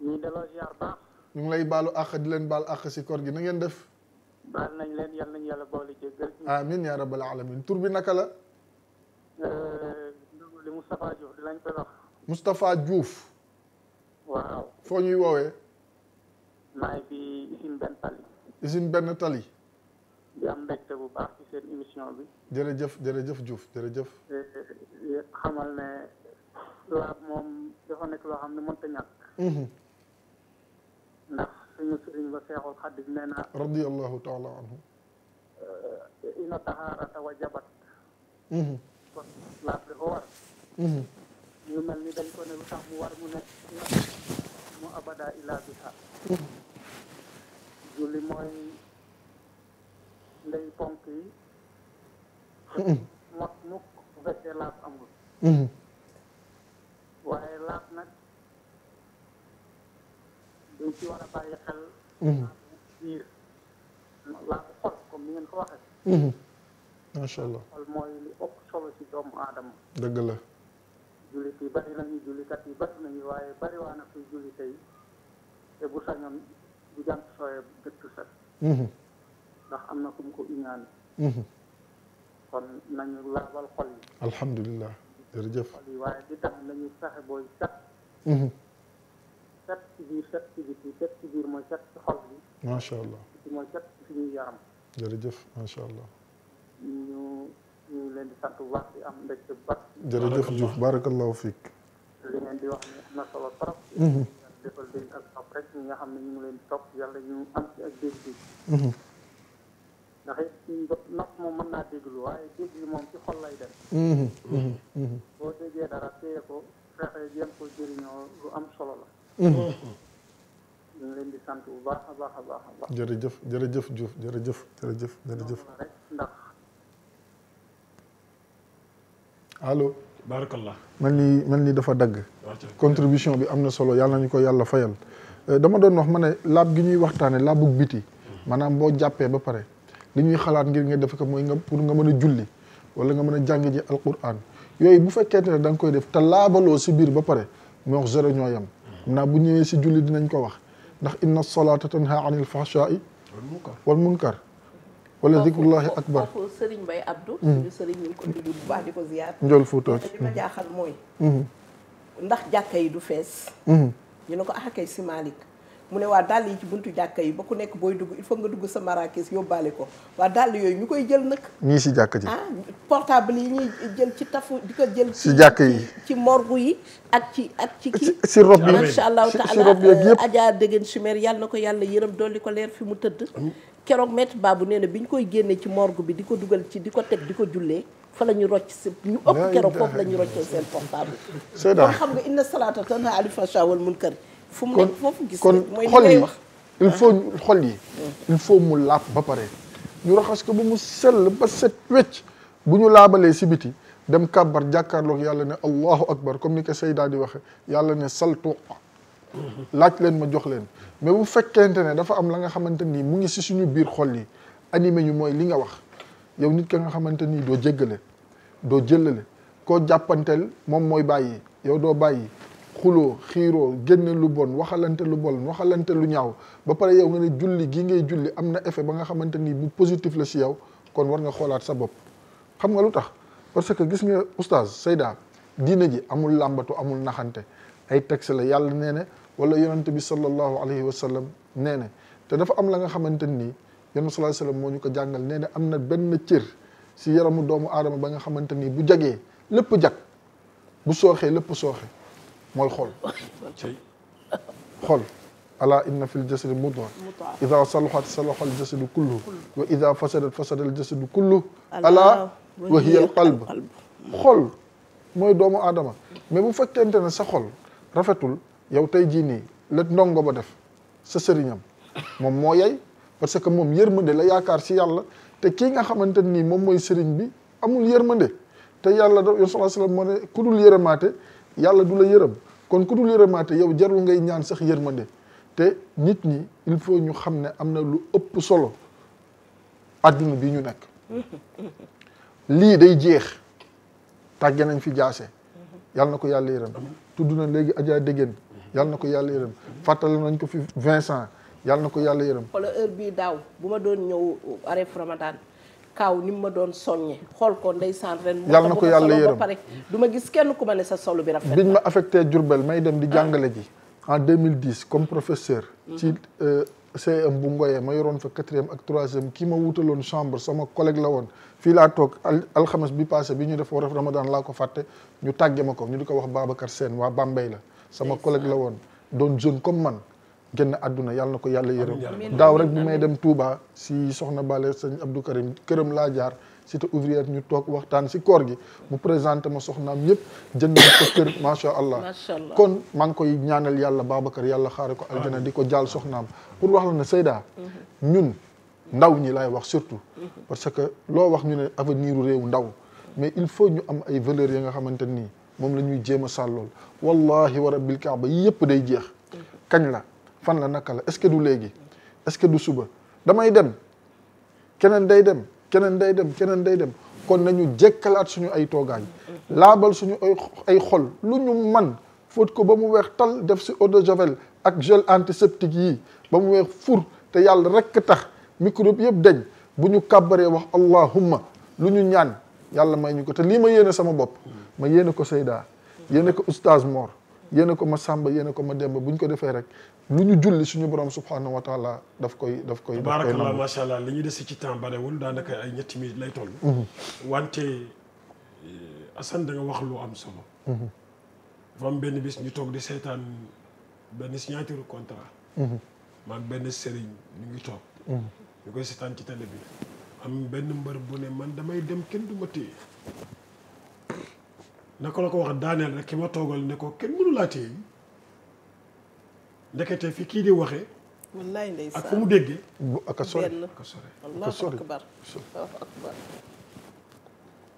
ñuy delloo ziar baax. lay baalu àq leen baal àq gi na ngeen def. baal nañ leen yal nañu yàlla boole jéggal. amiin yaa rabbal alamin tur bi naka la. Euh, li Moustapha Diouf di lañ koy wax. Moustapha waaw foo ñuy woowee. maay bi usine benn tali. usine benn tali. di am mbégte bu baax ci seen émission bi. jërëjëf jërëjëf Diouf jërëjëf. Euh, euh, xamal ne laa moom dafa nekk loo xam ne mënta ñàkk. Mhm. ndax suñu sëriñ ba seexul xadim nee na radiallahu taala wajabat mhm. kon laab li war mhm. ñu mel ni dañ ko ne lu mu war mu ne mu abada ila biha mhm. julli mooy ndey ponk mot mukk bu fekkee laab amul waaye laab nag ñu ci war a bàyyi xel. biir mhm. la xol comme ni ngeen ko waxee. Mhm. macha allah xol mooy li ëpp solo ci doomu aadama. dëgg la. jullit yi bari nañu jullikat yi bari nañu waaye bari waa na kuy julli tey te bu sañoon bu jant sooyee dëkk set. Mhm. ndax am na ku ko iñaane. kon nañu laabal xol yi. alhamdulilah jërëjëf. xol yi waaye di tax nañu fexe booy cat. set ci biir set ci biir mooy set ci xol bi. macha allah mooy set ci suñuy yaram. jërëjëf macha allah. ñu ñu leen di sant bu baax di am mbégte bu baax. jërëjëf Diouf barakallahu fiik. li ngeen di wax ni am na solo trop. Mhm. defal dégg nga xam ne ñu ngi leen di yàlla ñu am ci ak dégg bi. Mhm. ndax it moom mën naa déglu waaye dégg yi moom ci xol lay dem. Mhm, boo déggee dara téye ko fexe jéem ko jëriñoo lu am solo la. ñu ngi leen di sant bu baax a baax a baax a baax. jërëjëf jërëjëf Diouf jërëjëf jërëjëf jërëjëf. ndax. allo. barakallah mel ni mel ni dafa dagg. contribution bi am na solo yàlla nañu ko yàlla fayal. Eh, dama doon wax ma ne laab gi ñuy waxtaane laabug biti maanaam boo jàppee ba pare li ñuy xalaat ngir nga def ko mooy nga pour nga mën a julli wala nga mën a jàng ji alquran yooyu bu fekkente ne da nga koy def te laabaloo si biir ba pare moo wax zéro ñoo yam xam naa bu ñëwee si julli dinañ ko wax ndax inna salaata tanha anil fahshaai wal munkar wala zikrullahi akbar foofu sëriñ Bay Abdou mm-hmm. suñu sëriñ ñu ngi ko nuyu bu baax di ko ziyaar njool Fuuta li jaaxal mooy mm-hmm. ndax jàkka yi du fees mm-hmm. ñu ne ko ah si Malick mu ne waa dàll yi ci buntu jàkka yi ba ku nekk booy dugg il faut nga dugg sa marakis yóbbaale ko waa dàll yooyu ñu koy jël nag ñii si jàkka ji ah, portable yi ñuy jël ci tafu di ko jël. ci jàkk yi ci morgue yi ak ci ak ci kii. si rob bi macha allahu taala euh, Adja Degen Chimère yàlla na ko yàlla yërëm dolli ko leer fi mu tëdd. keroog maître Babou nee bi ñu koy génnee ci morgue bi di ko dugal ci di ko teg di ko jullee fa la ñu rocc si ñu ëpp keroog foofu la ñu roccee seen portable. c'est vrai xam nga inna salaata tanha anil fahsha wal munkar fu mu nekk foofu gis. kon xol yi il faut ah. xol yi. il faut mu laab ba pare. ñu raxas bu ñu laabalee si biti dem kàbbar jàkkaarloog yàlla ne allahu akbar comme ni ko Seydaa di waxe yàlla ne saltu laaj leen ma jox leen mais bu fekkente ne dafa am la nga xamante nii mu ngi si suñu biir xool yi anime ñu mooy li nga wax yow nit ka nga xamante nii doo jéggale doo jëllale koo jàppanteel moom mooy bàyyi yow doo bàyyi xuloo xiiroo génne lu bon waxalante lu bon waxalante lu ñaaw ba pare yow nga ne julli gi ngay julli am na effet ba nga xamante nii bu positif la si yow kon war nga xoolaat sa bopp xam nga lu tax parce que gis nga oustaz Seyda diina ji amul làmbatu amul naxante ay texte la yàlla nee ne wala yonente bi sallallahu alayhi wa sallam nee ne te dafa am la nga xamante nii yonent sallallahu alayhi wa sallam moo ñu ko jàngal nee ne am na benn cër si yaramu doomu aadama ba nga xamante nii bu jagee lépp jag bu sooxee lépp sooxe mooy xool xool ala inna fi ljasadi mudga ida saluxat saluxa aljasadu kullu wa ida fasadat fasada aljasadu kullu ala wa hiya al qalb xol mooy doomu aadama mais bu fekkente ne sa xol rafetul yow tey jii nii la ndongo ba def sa sëriñam moom moo yay parce que moom yërmande la yaakaar si yàlla te kii nga xamante nii moom mooy sëriñ bi amul yërmande te yàlla da yow sallallahu alayhi wasallam moo ne ku yërëmaate yàlla du la yërëm kon ku dul yërëmaate yow jarul ngay ñaan sax yërmande te nit ñi il faut ñu xam ne am na lu ëpp solo àdduna bi ñu nekk lii day jeex tàgge nañ fi jaase yàlla na ko yàlla yërëm tuddu na léegi Adja Dégène yàlla na ko yàlla yërëm fàttali nañ ko fi Vincent yàlla ko yàlla yërëm xoolal heure bii daaw bu ma doon ñëw arrêt Faramatane kaaw ni ma doon soññe xool ko ndeysaan ren yàlla na ko yàlla yërëm pare du ma gis kenn ku ma ne sa solo bi rafet biñ ma affecté Diourbel may dem di ah. jàngale ji en 2010 comme professeur mm-hmm. ci euh, CM bu Ngoye ma yoroon fa quatrième ak troisième kii ma wutaloon chambre sama collègue la woon fii laa toog alxames bi passé bi ñu def war ramadan laa ko fàtte ñu tàggee ma ko ñu di ko wax Babacar Sène waa Bambey la sama collègue la woon doon jeune comme man génn àdduna yàlla ko yàlla yërëm daaw rek bi may dem tuuba si soxna Bale sëñ Abdou Karim këram laa jaar si te ouvrière ñu toog waxtaan si koor gi mu présenté ma soxnaam yëpp jënd ko kër macha allah kon maa ngi koy ñaanal yàlla Babacar yàlla xaare ko aljana di ko jaal soxnaam pour wax la ne Seyda mhm. ndaw ñi lay wax surtout parce que loo wax ñu ne avenir u réew ndaw mais il faut ñu am ay valeurs ya nga xamante nii moom la ñuy jéem a sàllool wallahi wa rabbil kaaba yëpp day jeex kañ la fan la naka la est-ce que du léegi est-ce que du suba damay dem keneen day dem keneen day dem keneen day dem kon nañu jekkalaat suñu ay toogaay laabal suñu ay xol lu ñu man fóot ko ba mu weex tal def si eau de javel ak gel antiseptique yi ba mu weex fur te yàlla rekk tax microbe yëpp dañ bu ñu kàbbaree wax allahumma lu ñu ñaan yàlla may ñu ko te lii ma yéene sama bopp ma yéene ko Seyda yéene ko oustaz Mor yéene ko ma Samba yéene ko ma Demba bu ñu ko defee rek lu ñu julli suñu borom subhanahu wa taala daf koy daf koy. tabaarakallah macha allah li ñu dese ci temps barewul daanaka ay ñetti minutes lay toll. Mhm. wante eh, Assane da nga wax lu am solo. Mhm. dafa am benn bis ñu toog di seetaan benn signature contrat. Mhm. maag benn sëriñ ñu ngi toog. ñu koy seetaan ci télé bi am benn mbër bu ne man damay dem kenn du ma téye naka la ko wax daaneel rek ki ma toogal ne ko kenn mënu laa téye ndekete fi kii di waxe wallaay ndeysaan ak fu mu déggee. bu ak sore ak sore allahu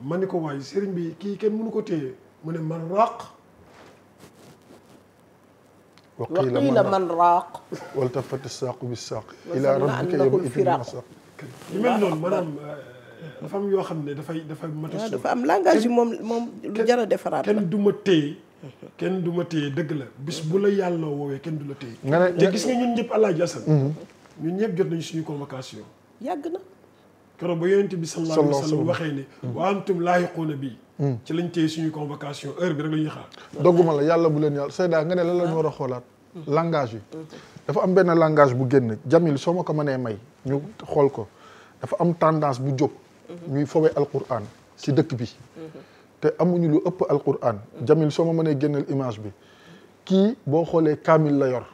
ma ni ko waay sëriñ bi kii kenn mënu ko téye mu ne man raaq. waqiila man raaq wal tafati saaqu bi saaq ilaa rabbika yawma idin al-masaaq yu mel noonu maanaam euh, dafa am yoo xam ne dafay dafay mat ah, dafa am langage moom moom lu jar a defaraat kenn du ma téye kenn du ma téye dëgg la bis bu la yàlla woowee kenn du la téye nga ne te gis nga ñun ñëpp Alaaji Asan mhm. ñun ñëpp jot nañu suñu convocation yàgg na keroog ba yonent bi sallallahu alayhi wa sallam waxee ne wa antum laahiquuna bii ci lañ téye suñu convocation heure bi rek la ñuy xaar. dogguma la yàlla bu leen yàlla Seyda nga ne lan la ñu war a xoolaat. langage bi dafa am benn langage bu génn Jamil soo ma ko mënee may ñu xool ko dafa am tendance bu jóg. ñuy fowee alquran si dëkk bi. te amuñu lu ëpp alquran. Jamil soo ma mënee génneel image bi kii boo xoolee kaamil la yor.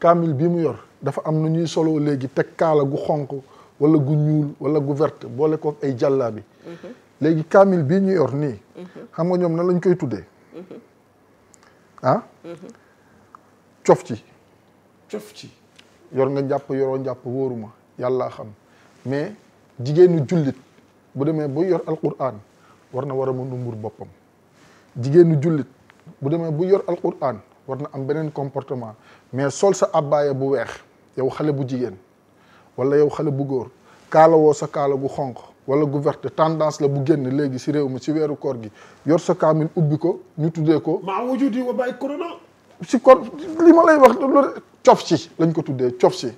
kaamil bii mu yor dafa am nu ñuy solo léegi teg kaala gu xonq wala gu ñuul wala gu verte boole kook ay jàllaa léegi kaamil bii ñu yor nii. Mhm. xam nga ñoom nan lañ koy tuddee. Mhm. Ah? Mhm. cof ci. cof ci yor nga jàpp yoroo jàpp wóoruma yàlla xam mais jigéenu jullit bu demee bu yor alquran war na war a mën a muur boppam. jigéenu bu demee bu yor alquran war na am beneen comportement mais sol sa abbaaya bu weex yow xale bu jigéen wala yow xale bu góor kaalawoo sa kaala gu xonq. wala gu verte tendance la bu génn léegi si réew mi si weeru koor gi yor sa ubbi ko ñu tuddee ko. maa wujudi wa bàyyi corona. si koor li ma lay wax cof si lañ ko tuddee cof si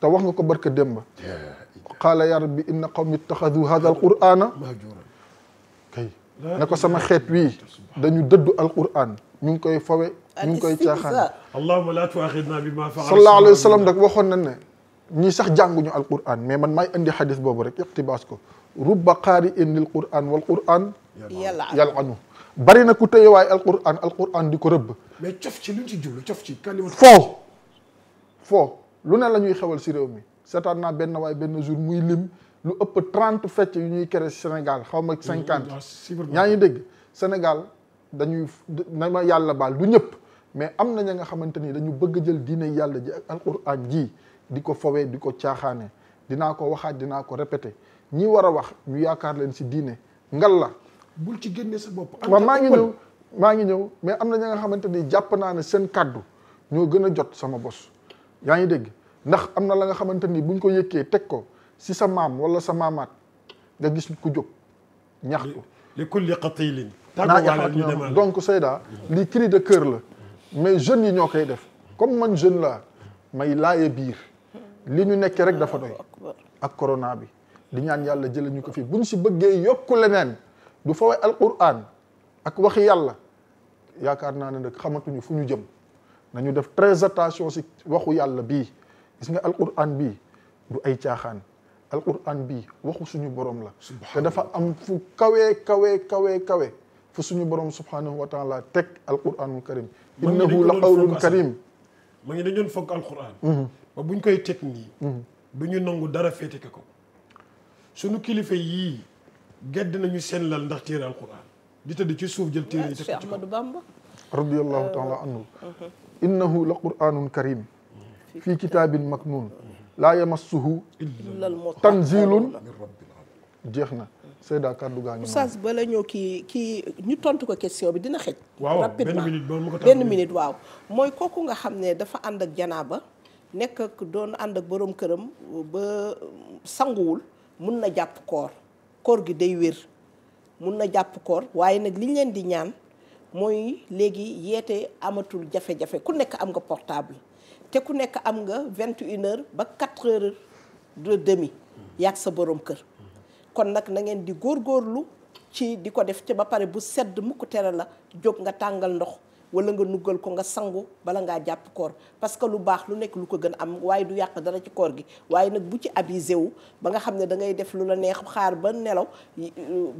te wax nga ko barka démb. qaala ya rabbi inna qawmi ittaxadu hada alqur'ana kay ne ko sama xeet wi dañu dëddu alqur'an ñu ngi koy fawe ñu koy koy caaxaan allahumma la tuaxidna bima faal sallallahu alayhi wa sallam nag waxoon na ne ñii sax jànguñu alquran mais man maay indi xadis boobu rek iqtibaas ko rubba qaari indil quran wal quran yàlla anu bari na ku téye waay alquran alquran di ko rëbb mais cof ci luñ ci jublu cof ci kalima foo foo lu ne la ñuy xewal si réew mi seetaan naa benn waay benn jour muy lim lu ëpp trente fecc yu ñuy kere Sénégal xaw ma cinquante ñaa ngi dégg Sénégal dañuy na yàlla baal du ñëpp mais am na ña nga xamante ni dañu bëgg jël diine yàlla ji ak alquran ji di ko fowee di ko caaxaane dinaa ko waxaat dinaa ko répété ñi war a wax ñu yaakaar leen si diine ngal la bul ci génne sa bopp waaw maa ngi ñëw maa ngi ñëw mais am na ña nga xamante ni jàpp naa ne seen kàddu ñoo gën a jot sama bos yaa ngi dégg ndax am na la nga xamante ni buñ ko yëkkee teg ko si sa maam wala sa maamaat nga gis ku jóg ñaxtu li kulli qatilin naa donc Seyda li cri de cœur la mais jeunes yi ñoo koy def comme man jeune laa may laaye biir li ñu nekkee rek dafa doy ak corona bi di ñaan yàlla jëlee ko fii bu buñ si bëggee yokku leneen du fawee alquran ak waxi yàlla yaakaar naa ne nag xamatuñu fu ñu jëm nañu def très attention si waxu yàlla bi gis nga alquran bi du ay caaxaan al alquran bii waxu suñu borom la te dafa am fu kawe kawee kawee kawe fu suñu borom subhanahu wa taala teg alquranul karim innahu la qawlun karim ma ngi dañoon ba buñ koy teg nii. Mhm. du ñu nangu dara féete ko. sunu kilifa yii gedd nañu seen lal ndax téere alquran di tëdd ci suuf jël téere yi. teg ci Ahmadu Bamba. radiyallahu taala euh, anhu. Mhm. innahu la qur'anun karim. fii kitaabin maknun. laa yamassuhu. illa jeex na. Seyda kàddu gaa ngi Oustaz bala ñëw kii ñu tontu ko question bi dina xëj. rapidement benn minute waaw. mooy kooku nga xam ne dafa ànd ak ba nekk ak doon ànd ak borom këram ba sanguwul mun na jàpp koor koor gi day wér mun na jàpp koor waaye nag li leen di ñaan mooy léegi yeete amatul jafe-jafe ku nekk am nga portable te ku nekk am nga vingt une heure ba quatre heures de demi yaag sa borom kër kon nag na ngeen di góorlu ci di ko def te ba pare bu sedd mukk tere la jóg nga tàngal ndox wala nga nuggal ko nga sangu bala ngaa jàpp koor parce que lu baax lu nekk lu ko gën am waaye du yàq dara ci koor gi waaye nag bu ci abusé wu ba nga xam ne da ngay def lu la neex xaar ba nelaw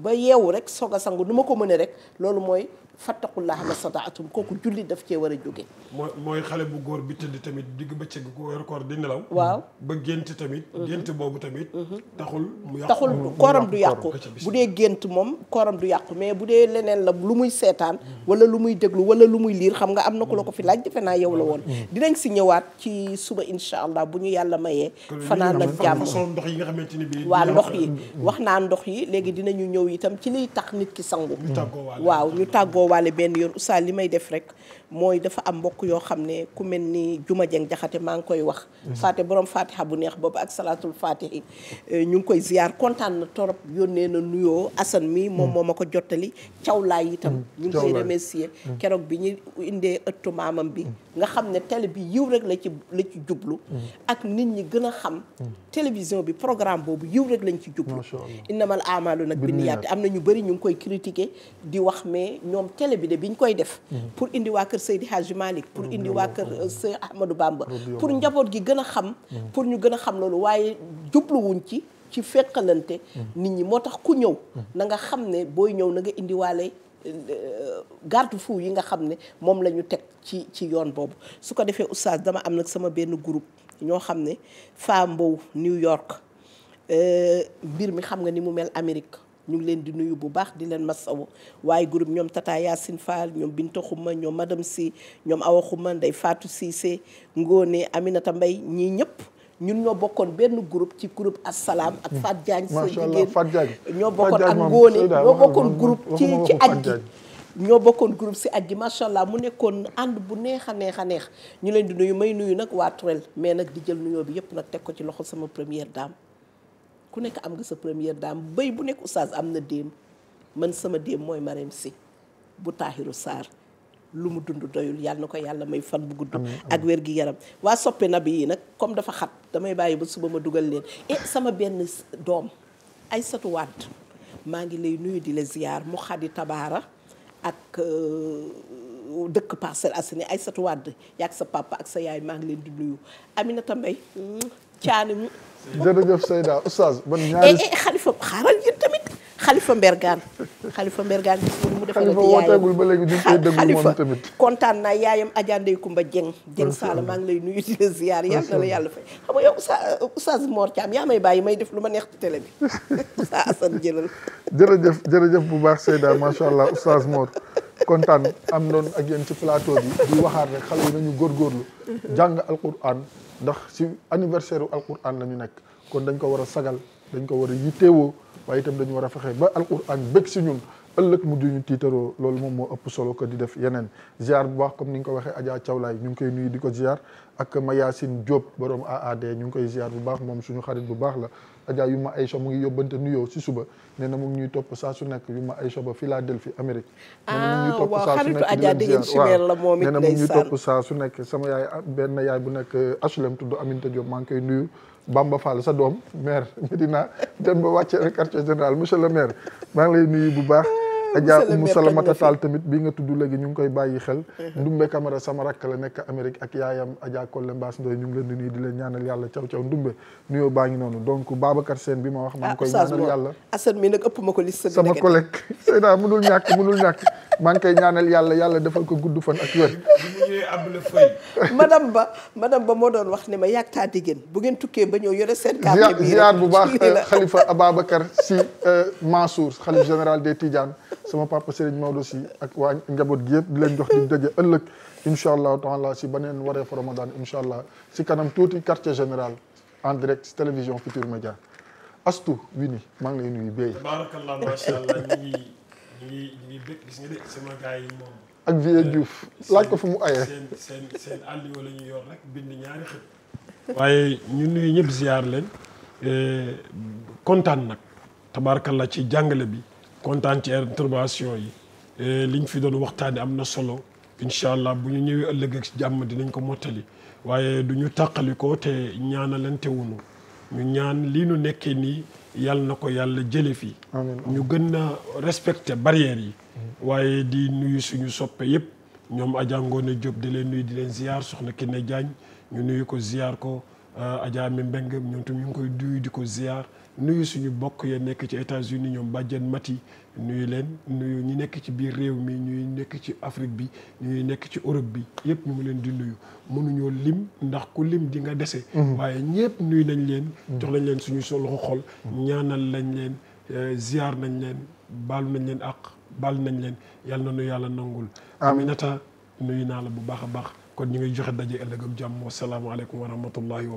ba yeewu rek soog a sangu nu ma ko mënee rek loolu mooy fattaqullaha ma stataatum kooku julli daf cee war a jóge mooy mooy xale bu góor bi tëdd tamit digg bëccëg ko weeru koor di nelaw waaw ba gént tamit gént boobu tamit mhm. taxul mu yàqu du yàqu bu dee gént moom kooram du yàqu mais bu dee leneen la lu muy seetaan mhm. wala lu muy déglu wala lu muy liir xam nga am na ko la ko fi laaj defe yow la mhm. woon dinañ si ñëwaat ci suba incha allah bu ñu yàlla mayee fanaan ak jàmm ndox yi nga xamante ni bi waaw ndox yi mm-hmm. wax naa ndox yi léegi dinañu ñëw itam ci liy tax nit ki sangu waaw ñu tàggoo woowaale benn yoon oustaz li may def rek mooy dafa am mbokk yoo xam ne ku mel ni Juma Jeng Jaxate maa ngi koy wax mhm. faate boroom fatiha bu neex boobu ak salaatul fatihi euh, ñu ngi koy ziar kontaan na torop yónnee na nuyoo Assane mi moom mhm. moo ma ko jottali cawlaay itam mhm. ñu ngi koy remercier keroog bi ñu indee ëttu maamam bi nga xam ne tele bi yiw rek la ci la ci jublu ak nit ñi gën a xam télévision bi programme boobu yiw rek lañ ci jublu innamal amalu nag bi niyaat am na ñu bëri ñu ngi koy critiquer di wax mais ñoom télé bi de biñ koy def kër Seydi pour indi waa kër euh, Seydi Ahmadou Bamba pour njaboot gi gën a xam pour ñu gën a xam loolu waaye jubluwuñ ci ci fekkalante mm. nit ñi moo tax ku ñëw mm. na nga xam ne booy ñëw na nga indiwaale euh, garde-fou yi nga xam ne moom la ñu teg ci ci yoon boobu su ko defee oustaz dama am nag sama benn groupe ñoo xam ne Fa Mbow New York euh, mbir mi xam nga ni mu mel Amérique ñu ngi leen di nuyu bu baax di leen masawu waaye groupe ñoom Tata Yacine Fall ñoom Binta Xuma ñoom madame si ñoom Awa Xuma Ndeye Fatou Cissé Ngone Aminata Mbaye ñii ñëpp ñun ñoo bokkoon benn groupe ci groupe Assalaam ak hmm. Fat Diagne sa jigéen ñoo bokkoon ak Ngone ñoo bokkoon groupe ci ci aj ñoo bokkoon groupe si aj gi macha allah mu nekkoon ànd bu neex a neex a neex ñu leen di nuyu may nuyu nag waa Turel mais nag di jël nuyoo bi yëpp nag teg ko ci loxo sama première dame ku nekk am nga sa première dame béy bu nekk oustaz am na dém man sama déem mooy Marème si bu Tahirou Sarr lu mu dund doyul yàlla na ko yàlla may fan bu gudd ak wér gi yaram waa soppe na bi nag comme dafa xat damay bàyyi ba suba ma dugal leen eh, sama benn doom ay satuwaat maa ngi lay nuyu di la ziyaar mu xaddi tabaara ak euh, dëkk Parcelles Assainies ay satuwaat yaag sa papa ak sa yaay maa ngi leen di nuyu Aminata Mbaye mm, caani jërëjëf Seyda oustaz man eh, ñaari xalifa eh, eh, xaaral yéen tamit xalifa Mbergane xalifa Mbergane gis mu defal ci yaayam ba léegi ñu koy déglu moom kontaan naa yaayam Adja Ndeye Kumba Dieng Dieng Sall maa ngi lay nuyu di la ziar yàlla na la yàlla fay xam nga yow oustaz Mor Thiam yaa may bàyyi may def lu ma neex ci télé bi oustaz Assane jëlal jërëjëf jërëjëf bu baax Seyda macha allah oustaz Mor kontaan am noonu ak ci plateau bi di waxaat rek xale yi nañu góorgóorlu mm-hmm. jàng alquran ndax si anniversaire u alquran la ñu nekk kon dañ ko war a sagal dañ ko war a yitteewoo waaye itam dañu war a fexe ba alquran bëgg si ñun ëllëg mu duñu tiitaroo loolu moom moo ëpp solo ko di def yeneen ziar bu baax comme ni nga ko waxee Adja Thiawlaay ñu ngi koy nuyu di ko ziar ak Mayacine Diop borom AAD ñu ngi koy ziar bu baax moom suñu xarit bu baax la Adja Yuma Aïcha mu ngi yóbbante nuyoo si suba nee na mu ngi ñuy topp saa su nekk Yuma Aïcha ba Philadelphie Amérique. ah waaw xaritu Adja Degen Chimère la moom it. nee na mu ngi ñuy topp saa su nekk sama yaay benn yaay bu nekk HLM tudd Aminata Diop maa ngi koy nuyu. Bamba Fall sa doom maire Medina dem ba wàcce quartier général monsieur le maire maa ngi lay nuyu bu baax. Adja Umu Salamata Tall tamit bi nga tudd léegi ñu ngi koy bàyyi xel eh. Ndumbe Camara sama rakk la nekk Amérique ak yaayam Adja Kolle Mbaas Ndoy ñu ngi nii di nuyu di leen ñaanal yàlla caw caw Ndumbe nuyoo baa ngi noonu donc Babacar Sène bi ma wax maa ngi ah, koy ñaanal yàlla Assane mi nag ëpp ma ko liste sama collègue Seyda mënul ñàkk mënul ñàkk maa ngi koy ñaanal yàlla yàlla defal ko gudd fan ak wér. madame Ba madame Ba moo doon wax ne ma yàgg taa diggéen bu ngeen tukkee ba ñëw yore seen. carte bi ziar bu baax xalifa Ababacar Sy euh, Mansour xalif général des Tidianes sama papa Serigne Maodo Sy ak waa njaboot gi yëpp di leen jox di daje ëllëg incha allahu taala si beneen wareefu Ramadan incha allah si kanam tuuti quartier général en direct si télévision Futur Média Astou Wini maa ngi lay nuyu ñu ngi bëgg gis nga de sama gars yi moom. ak vie euh, Diouf laaj ko fu mu ayee. seen seen seen àlliwa la ñu yor rek bind ñaari xët. waaye ñu nuyu ñëpp ziar leen euh, kontaan nag la ci jàngale bi kontaan ci intervention yi euh, liñ fi doon waxtaanee am na solo incha allah bu ñu ñëwee ëllëg ak jàmm dinañ ko mottali waaye du ñu tàqali ko te ñaanalante ñu ñaan lii nu nekkee nii. yàlla na ko yàlla jële fii ñu gën a respecté barrières yi waaye di nuyu suñu soppee yëpp ñoom Adja Ngoone Diop di leen nuyu di leen ziar soxna Kiné Diagne ñu nuyu ko ziar ko euh, Adja mi mbeng ñoom tam ñu ngi koy nuyu di ko ziar nuyu suñu bokk ya nekk ci États-Unis ñoom bàjjen Mati nuyu leen nuyu ñi nekk ci biir réew mi ñuy nekk ci Afrique bi ñuy nekk ci Europe bi yëpp ñu ngi leen di nuyu mënuñoo lim ndax ku lim di nga dese. Mhm. waaye ñëpp nuyu nañ leen. Mhm. jox lañ leen suñu loxo xol. ñaanal lañ leen euh, ziar nañ leen baal nañ leen àq baal nañ leen yàlla na nu yàlla nangul. Aminata nuyu naa la bu baax a baax kon ñu ngi joxe daje ëllëg ak jàmm wa salaamu aleykum wa rahmatullahi